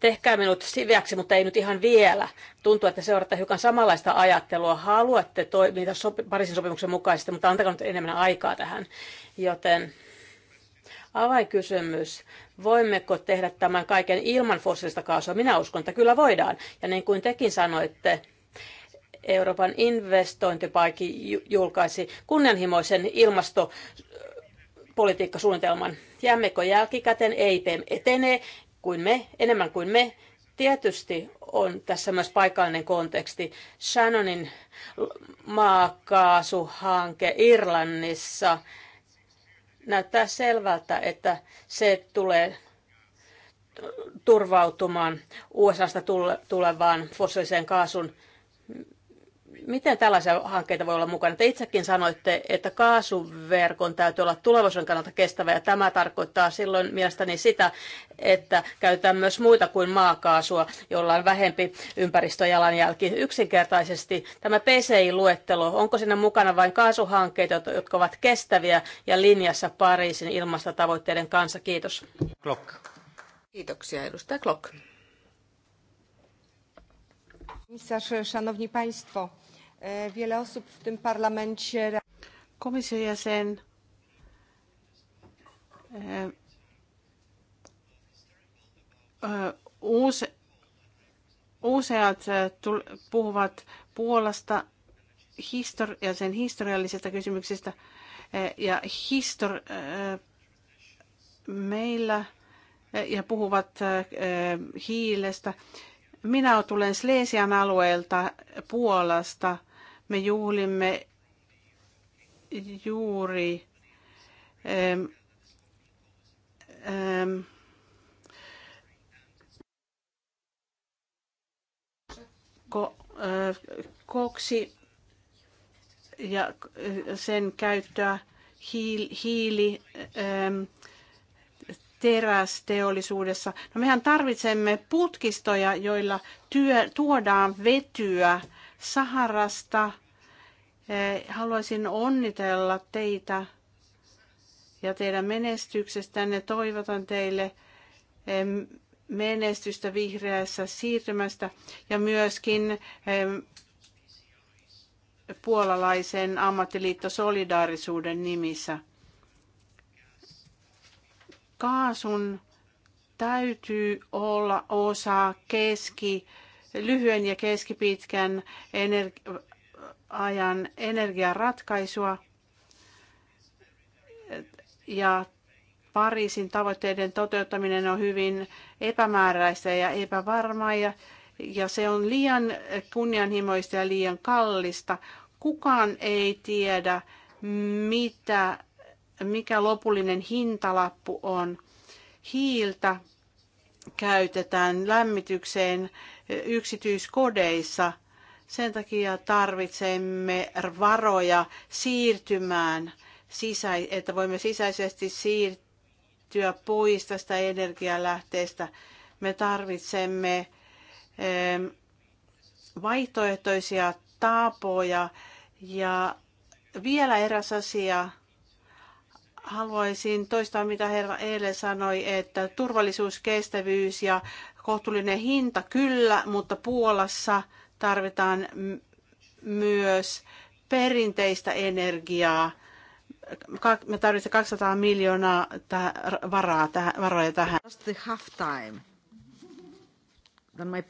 tehkää minut siveäksi, mutta ei nyt ihan vielä. Tuntuu, että seuraatte hiukan samanlaista ajattelua. Haluatte toimia sopi- Pariisin sopimuksen mukaisesti, mutta antakaa nyt enemmän aikaa tähän. Joten avainkysymys, voimmeko tehdä tämän kaiken ilman fossiilista kaasua? Minä uskon, että kyllä voidaan. Ja niin kuin tekin sanoitte, Euroopan investointipaikki julkaisi kunnianhimoisen ilmasto politiikkasuunnitelman. Jäämmekö jälkikäteen? EIP etenee kuin me, enemmän kuin me. Tietysti on tässä myös paikallinen konteksti. Shannonin maakaasuhanke Irlannissa näyttää selvältä, että se tulee turvautumaan USAsta tulevaan fossiiliseen kaasun Miten tällaisia hankkeita voi olla mukana? Te itsekin sanoitte, että kaasuverkon täytyy olla tulevaisuuden kannalta kestävä, ja tämä tarkoittaa silloin mielestäni sitä, että käytetään myös muita kuin maakaasua, jolla on vähempi ympäristöjalanjälki. Yksinkertaisesti tämä PCI-luettelo, onko sinne mukana vain kaasuhankkeita, jotka ovat kestäviä ja linjassa Pariisin ilmastotavoitteiden kanssa? Kiitos. Klock. Kiitoksia, edustaja Klock. Komisarz, Szanowni Państwo. E, wiele osób w tym parlamencie... Komission jäsen e, e, useat puhuvat Puolasta ja sen historiallisista kysymyksistä. Ja histor- meillä ja puhuvat hiilestä. Minä tulen Slesian alueelta Puolasta – me juhlimme juuri ähm, ähm, ko, äh, koksi ja sen käyttöä hiil, hiili ähm, terästeollisuudessa. No mehän tarvitsemme putkistoja, joilla työ, tuodaan vetyä Saharasta. E, haluaisin onnitella teitä ja teidän menestyksestänne. Toivotan teille e, menestystä vihreässä siirtymästä ja myöskin e, puolalaisen ammattiliitto Solidaarisuuden nimissä. Kaasun täytyy olla osa keski- lyhyen ja keskipitkän ener- ajan energiaratkaisua ja Pariisin tavoitteiden toteuttaminen on hyvin epämääräistä ja epävarmaa ja, ja se on liian kunnianhimoista ja liian kallista. Kukaan ei tiedä, mitä, mikä lopullinen hintalappu on. Hiiltä käytetään lämmitykseen yksityiskodeissa. Sen takia tarvitsemme varoja siirtymään, että voimme sisäisesti siirtyä pois tästä energialähteestä. Me tarvitsemme vaihtoehtoisia tapoja. Ja vielä eräs asia. Haluaisin toistaa, mitä herra eilen sanoi, että turvallisuus, kestävyys ja kohtuullinen hinta kyllä, mutta Puolassa tarvitaan myös perinteistä energiaa. Me tarvitsemme 200 miljoonaa varaa tähän, varoja tähän.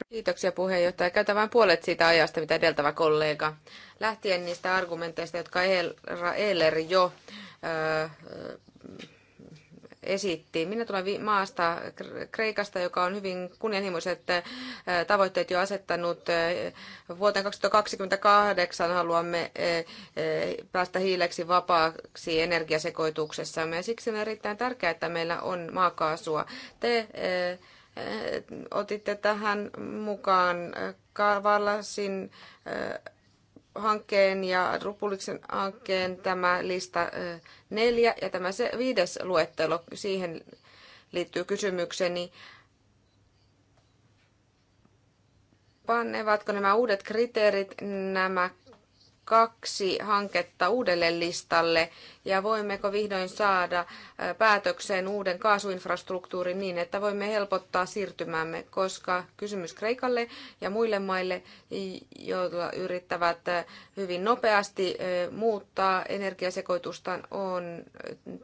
Kiitoksia puheenjohtaja. Käytä vain puolet siitä ajasta, mitä edeltävä kollega. Lähtien niistä argumenteista, jotka Eller jo esitti. Minä tulen maasta Kreikasta, joka on hyvin kunnianhimoiset äh, tavoitteet jo asettanut. Äh, vuoteen 2028 haluamme äh, päästä hiileksi vapaaksi energiasekoituksessa Ja siksi on erittäin tärkeää, että meillä on maakaasua. Te otitte tähän mukaan Kavalasin hankkeen ja Rupuliksen hankkeen tämä lista neljä ja tämä se viides luettelo, siihen liittyy kysymykseni. Panevatko nämä uudet kriteerit nämä kaksi hanketta uudelle listalle ja voimmeko vihdoin saada päätökseen uuden kaasuinfrastruktuurin niin, että voimme helpottaa siirtymämme, koska kysymys Kreikalle ja muille maille, joilla yrittävät hyvin nopeasti muuttaa energiasekoitustaan, on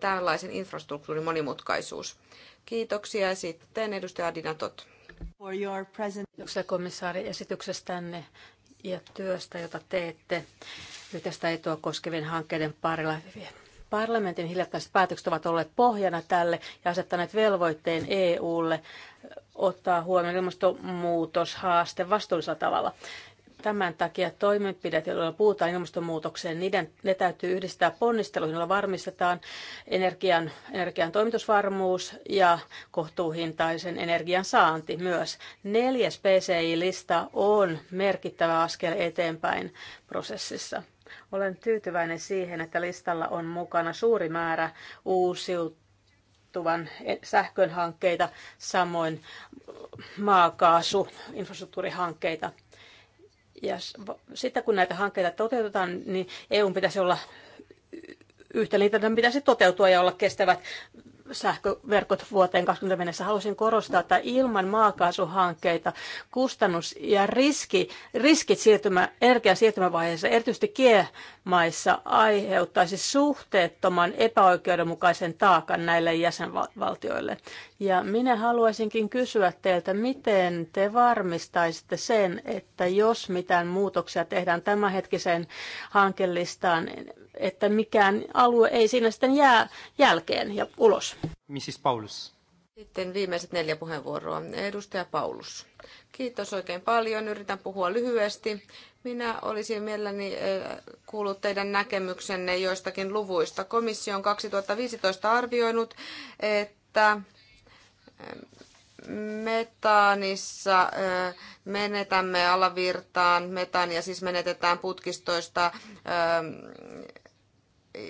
tällaisen infrastruktuurin monimutkaisuus. Kiitoksia sitten edustaja Adina Tot. Kiitoksia komissaari esityksestänne ja työstä, jota teette yhteistä etua koskevien hankkeiden parilla. Parlamentin hiljattaiset päätökset ovat olleet pohjana tälle ja asettaneet velvoitteen EUlle ottaa huomioon ilmastonmuutoshaaste vastuullisella tavalla. Tämän takia toimenpiteet, joilla puhutaan ilmastonmuutokseen, niiden, ne täytyy yhdistää ponnisteluihin, joilla varmistetaan energian, energian toimitusvarmuus ja kohtuuhintaisen energian saanti myös. Neljäs PCI-lista on merkittävä askel eteenpäin prosessissa. Olen tyytyväinen siihen, että listalla on mukana suuri määrä uusiutuvan sähkön hankkeita, samoin maakaasu, infrastruktuurihankkeita – ja sitten kun näitä hankkeita toteutetaan, niin EUn pitäisi olla yhtä niitä pitäisi toteutua ja olla kestävät sähköverkot vuoteen 20 mennessä. Haluaisin korostaa, että ilman maakaasuhankkeita kustannus ja riski, riskit siirtymä, energian siirtymävaiheessa, erityisesti kiemaissa, aiheuttaisi suhteettoman epäoikeudenmukaisen taakan näille jäsenvaltioille. Ja minä haluaisinkin kysyä teiltä, miten te varmistaisitte sen, että jos mitään muutoksia tehdään tämänhetkiseen hankelistaan, että mikään alue ei siinä sitten jää jälkeen ja ulos. Mrs. Paulus. Sitten viimeiset neljä puheenvuoroa. Edustaja Paulus. Kiitos oikein paljon. Yritän puhua lyhyesti. Minä olisin mielelläni eh, kuullut teidän näkemyksenne joistakin luvuista. Komissio on 2015 arvioinut, että eh, metaanissa eh, menetämme alavirtaan, metaania siis menetetään putkistoista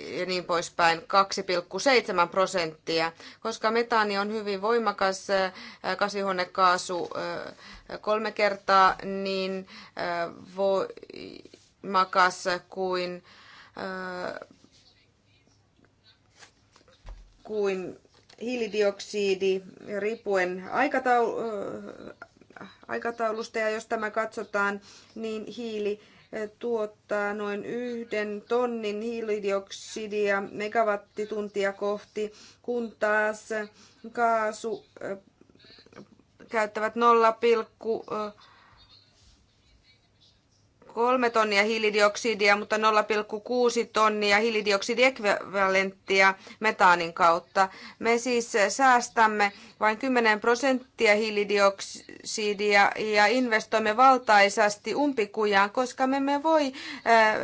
ja niin poispäin 2,7 prosenttia, koska metaani on hyvin voimakas äh, kasvihuonekaasu äh, kolme kertaa niin äh, voimakas kuin, kuin hiilidioksidi riippuen aikataulusta ja jos tämä katsotaan, niin hiili tuottaa noin yhden tonnin hiilidioksidia megawattituntia kohti, kun taas kaasu käyttävät 3 tonnia hiilidioksidia, mutta 0,6 tonnia hiilidioksidiekvivalenttia metaanin kautta. Me siis säästämme vain 10 prosenttia hiilidioksidia ja investoimme valtaisasti umpikujaan, koska me emme voi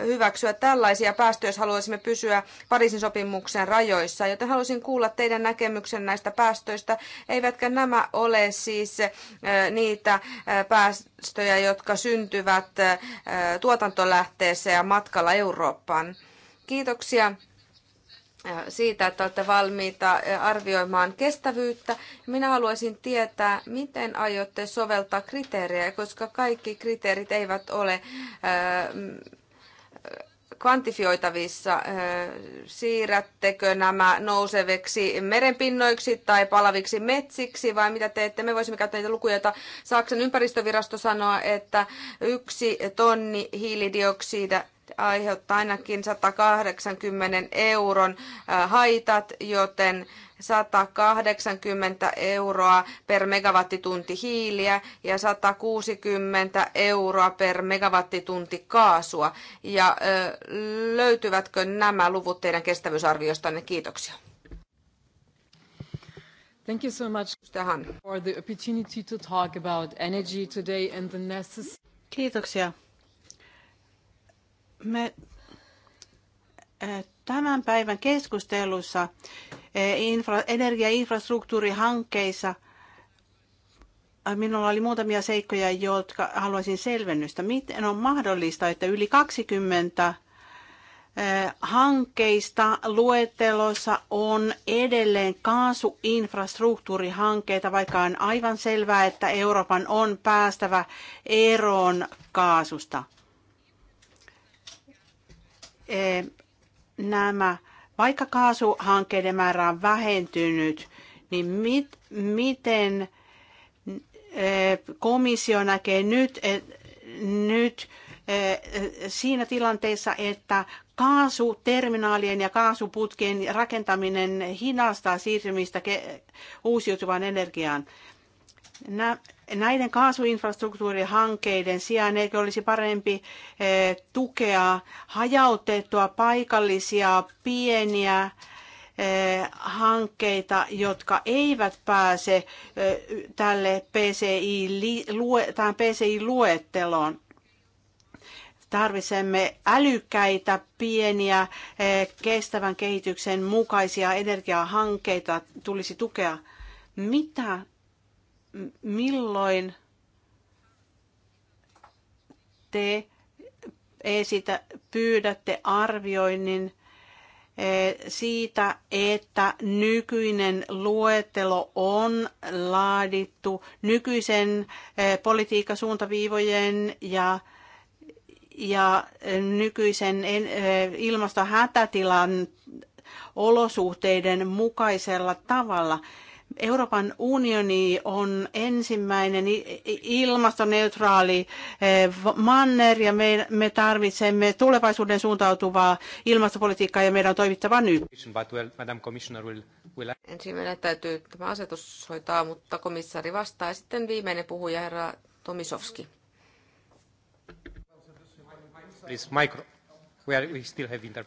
hyväksyä tällaisia päästöjä, jos haluaisimme pysyä Pariisin sopimuksen rajoissa. Joten haluaisin kuulla teidän näkemyksen näistä päästöistä. Eivätkä nämä ole siis niitä päästöjä, päästöjä, jotka syntyvät tuotantolähteessä ja matkalla Eurooppaan. Kiitoksia siitä, että olette valmiita arvioimaan kestävyyttä. Minä haluaisin tietää, miten aiotte soveltaa kriteerejä, koska kaikki kriteerit eivät ole kvantifioitavissa? Siirrättekö nämä nouseviksi merenpinnoiksi tai palaviksi metsiksi vai mitä teette? Me voisimme käyttää niitä lukuja, joita Saksan ympäristövirasto sanoo, että yksi tonni hiilidioksidia aiheuttaa ainakin 180 euron haitat, joten 180 euroa per megawattitunti hiiliä ja 160 euroa per megawattitunti kaasua. Ja löytyvätkö nämä luvut teidän kestävyysarviostanne? Kiitoksia. Thank you so much for the opportunity to talk about energy today and the necessary Kiitoksia me eh, tämän päivän keskustelussa eh, infra, energiainfrastruktuurihankkeissa eh, minulla oli muutamia seikkoja, jotka haluaisin selvennystä. Miten on mahdollista, että yli 20 hankkeista luettelossa on edelleen kaasuinfrastruktuurihankkeita, vaikka on aivan selvää, että Euroopan on päästävä eroon kaasusta – Eh, nämä, vaikka kaasuhankkeiden määrä on vähentynyt, niin mit, miten eh, komissio näkee nyt, et, eh, nyt siinä tilanteessa, että kaasuterminaalien ja kaasuputkien rakentaminen hinastaa siirtymistä uusiutuvaan energiaan näiden kaasuinfrastruktuurihankkeiden sijaan eikö olisi parempi eh, tukea hajautettua paikallisia pieniä eh, hankkeita, jotka eivät pääse eh, tälle PCI, luetteloon Tarvitsemme älykkäitä, pieniä, kestävän kehityksen mukaisia energiahankkeita tulisi tukea. Mitä milloin te esitä, pyydätte arvioinnin eh, siitä, että nykyinen luettelo on laadittu nykyisen eh, politiikkasuuntaviivojen ja ja eh, nykyisen ilmastohätätilan olosuhteiden mukaisella tavalla. Euroopan unioni on ensimmäinen ilmastoneutraali eh, manner ja me, me tarvitsemme tulevaisuuden suuntautuvaa ilmastopolitiikkaa ja meidän on toimittava nyt. Ensimmäinen täytyy tämä asetus hoitaa, mutta komissaari vastaa ja sitten viimeinen puhuja herra Tomisovski. Please, micro. We are, we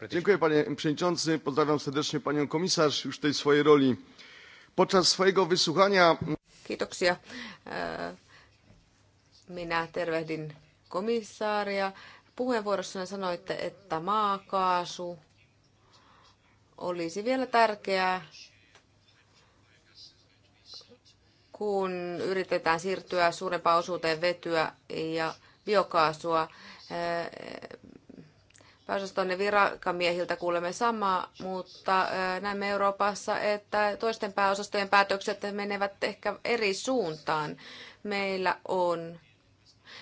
Dziękuję panie przewodniczący, pozdrawiam serdecznie panią komisarz już tej swojej roli Podczas swojego wysłuchania... Kiitoksia. Minä tervehdin komissaaria. Puheenvuorossanne sanoitte, että maakaasu olisi vielä tärkeää, kun yritetään siirtyä suurempaan osuuteen vetyä ja biokaasua pääosastonne virkamiehiltä kuulemme samaa, mutta näemme Euroopassa, että toisten pääosastojen päätökset menevät ehkä eri suuntaan. Meillä on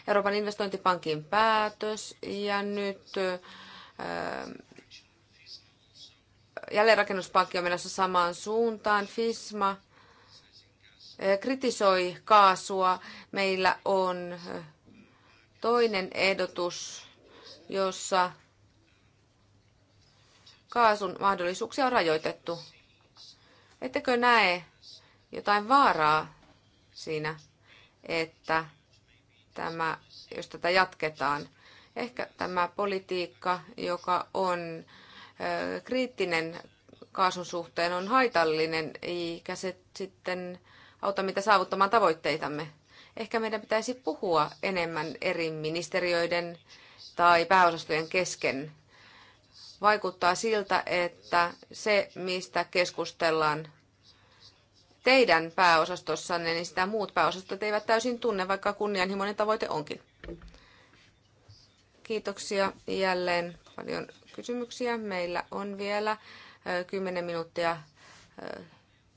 Euroopan investointipankin päätös ja nyt jälleenrakennuspankki on menossa samaan suuntaan. FISMA kritisoi kaasua. Meillä on toinen ehdotus, jossa kaasun mahdollisuuksia on rajoitettu. Ettekö näe jotain vaaraa siinä, että tämä, jos tätä jatketaan, ehkä tämä politiikka, joka on kriittinen kaasun suhteen, on haitallinen, eikä se sitten auta mitä saavuttamaan tavoitteitamme. Ehkä meidän pitäisi puhua enemmän eri ministeriöiden tai pääosastojen kesken vaikuttaa siltä, että se, mistä keskustellaan teidän pääosastossanne, niin sitä muut pääosastot eivät täysin tunne, vaikka kunnianhimoinen tavoite onkin. Kiitoksia jälleen. Paljon kysymyksiä. Meillä on vielä 10 minuuttia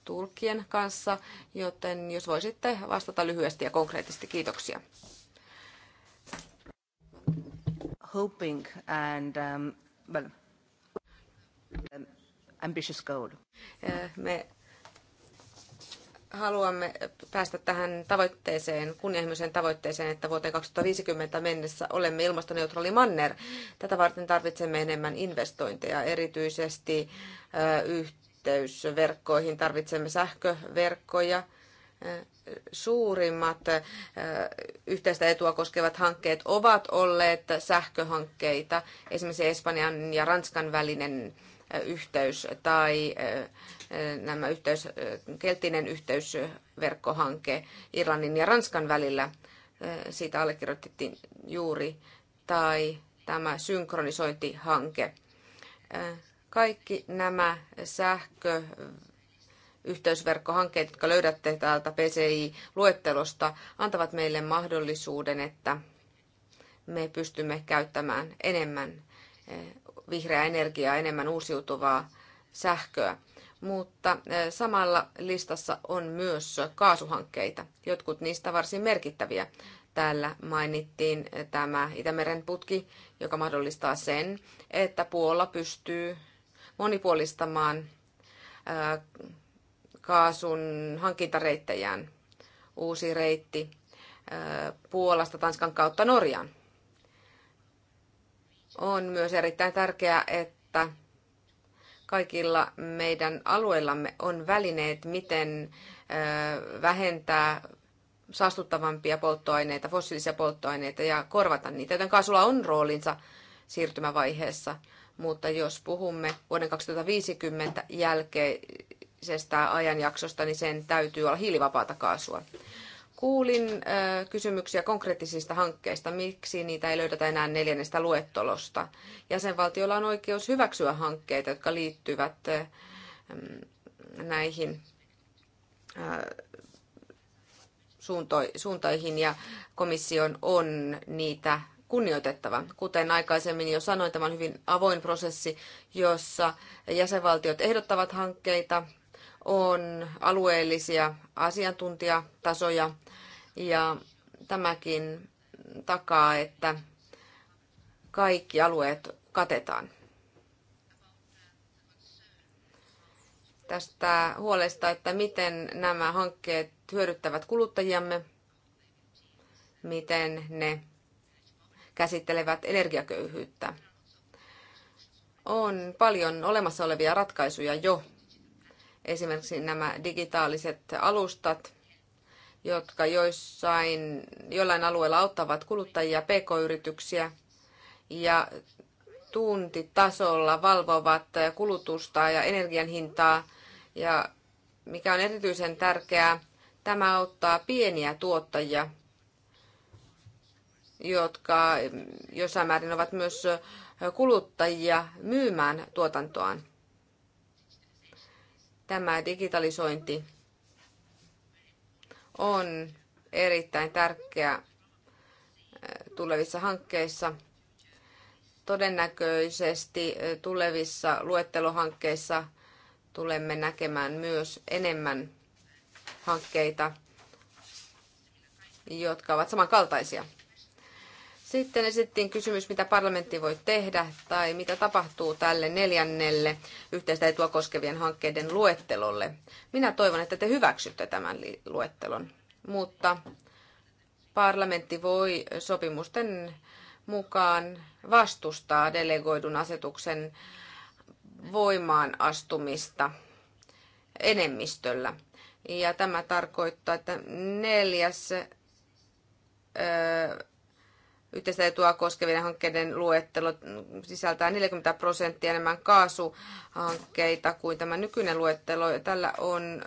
tulkien kanssa, joten jos voisitte vastata lyhyesti ja konkreettisesti, kiitoksia. Hoping and, um, well, ambitious goal. Me haluamme päästä tähän tavoitteeseen, kunnianhimoiseen tavoitteeseen, että vuoteen 2050 mennessä olemme ilmastoneutraali manner. Tätä varten tarvitsemme enemmän investointeja, erityisesti yhteysverkkoihin tarvitsemme sähköverkkoja. Suurimmat yhteistä etua koskevat hankkeet ovat olleet sähköhankkeita, esimerkiksi Espanjan ja Ranskan välinen yhteys tai nämä yhteys, keltinen yhteysverkkohanke Irlannin ja Ranskan välillä, siitä allekirjoitettiin juuri, tai tämä synkronisointihanke. Kaikki nämä sähkö yhteysverkkohankkeet, jotka löydätte täältä PCI-luettelosta, antavat meille mahdollisuuden, että me pystymme käyttämään enemmän vihreää energiaa, enemmän uusiutuvaa sähköä. Mutta samalla listassa on myös kaasuhankkeita, jotkut niistä varsin merkittäviä. Täällä mainittiin tämä Itämeren putki, joka mahdollistaa sen, että Puola pystyy monipuolistamaan kaasun hankintareittejään. Uusi reitti Puolasta Tanskan kautta Norjaan. On myös erittäin tärkeää, että kaikilla meidän alueillamme on välineet, miten vähentää saastuttavampia polttoaineita, fossiilisia polttoaineita ja korvata niitä, joten kaasulla on roolinsa siirtymävaiheessa. Mutta jos puhumme vuoden 2050 jälkeisestä ajanjaksosta, niin sen täytyy olla hiilivapaata kaasua. Kuulin kysymyksiä konkreettisista hankkeista, miksi niitä ei löydetä enää neljännestä luettelosta. Jäsenvaltiolla on oikeus hyväksyä hankkeita, jotka liittyvät mm, näihin suuntaihin ja komission on niitä kunnioitettava. Kuten aikaisemmin jo sanoin, tämä on hyvin avoin prosessi, jossa jäsenvaltiot ehdottavat hankkeita on alueellisia asiantuntijatasoja ja tämäkin takaa, että kaikki alueet katetaan. Tästä huolesta, että miten nämä hankkeet hyödyttävät kuluttajiamme, miten ne käsittelevät energiaköyhyyttä. On paljon olemassa olevia ratkaisuja jo esimerkiksi nämä digitaaliset alustat, jotka joissain, jollain alueella auttavat kuluttajia, pk-yrityksiä ja tuntitasolla valvovat kulutusta ja energian hintaa. Ja mikä on erityisen tärkeää, tämä auttaa pieniä tuottajia, jotka jossain määrin ovat myös kuluttajia myymään tuotantoaan. Tämä digitalisointi on erittäin tärkeä äh, tulevissa hankkeissa. Todennäköisesti äh, tulevissa luettelohankkeissa tulemme näkemään myös enemmän hankkeita, jotka ovat samankaltaisia. Sitten esittiin kysymys, mitä parlamentti voi tehdä tai mitä tapahtuu tälle neljännelle yhteistä etua koskevien hankkeiden luettelolle. Minä toivon, että te hyväksytte tämän luettelon, mutta parlamentti voi sopimusten mukaan vastustaa delegoidun asetuksen voimaan astumista enemmistöllä. Ja tämä tarkoittaa, että neljäs öö, yhteistä etua koskevien hankkeiden luettelo sisältää 40 prosenttia enemmän kaasuhankkeita kuin tämä nykyinen luettelo. Tällä on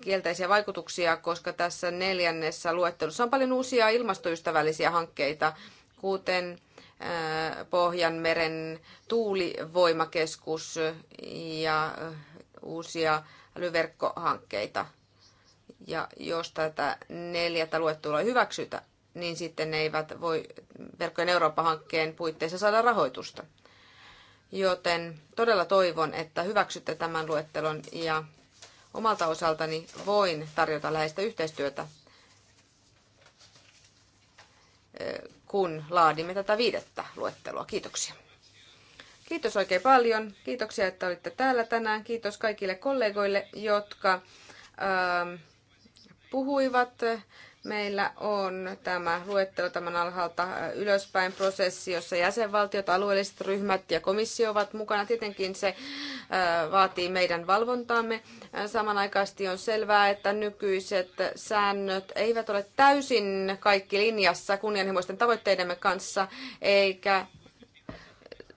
kielteisiä vaikutuksia, koska tässä neljännessä luettelussa on paljon uusia ilmastoystävällisiä hankkeita, kuten Pohjanmeren tuulivoimakeskus ja uusia älyverkkohankkeita. Ja jos tätä neljättä luettelua ei hyväksytä, niin sitten ne eivät voi Verkkojen Eurooppa-hankkeen puitteissa saada rahoitusta. Joten todella toivon, että hyväksytte tämän luettelon ja omalta osaltani voin tarjota läheistä yhteistyötä, eh, kun laadimme tätä viidettä luettelua. Kiitoksia. Kiitos oikein paljon. Kiitoksia, että olitte täällä tänään. Kiitos kaikille kollegoille, jotka ähm, puhuivat. Meillä on tämä luettelo tämän alhaalta ylöspäin prosessi, jossa jäsenvaltiot, alueelliset ryhmät ja komissio ovat mukana. Tietenkin se vaatii meidän valvontaamme. Samanaikaisesti on selvää, että nykyiset säännöt eivät ole täysin kaikki linjassa kunnianhimoisten tavoitteidemme kanssa, eikä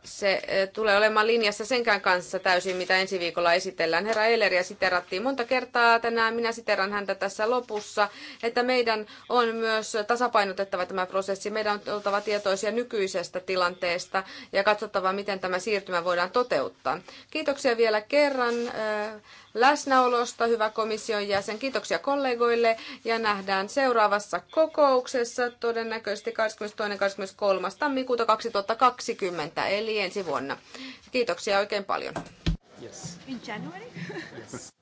se eh, tulee olemaan linjassa senkään kanssa täysin, mitä ensi viikolla esitellään. Herra Eileriä siterattiin monta kertaa tänään, minä siteran häntä tässä lopussa, että meidän on myös tasapainotettava tämä prosessi. Meidän on oltava tietoisia nykyisestä tilanteesta ja katsottava, miten tämä siirtymä voidaan toteuttaa. Kiitoksia vielä kerran eh, läsnäolosta, hyvä komission jäsen. Kiitoksia kollegoille ja nähdään seuraavassa kokouksessa todennäköisesti 22.23. tammikuuta 2020. Eli ensi vuonna. Kiitoksia oikein paljon. Yes. In January? Yes.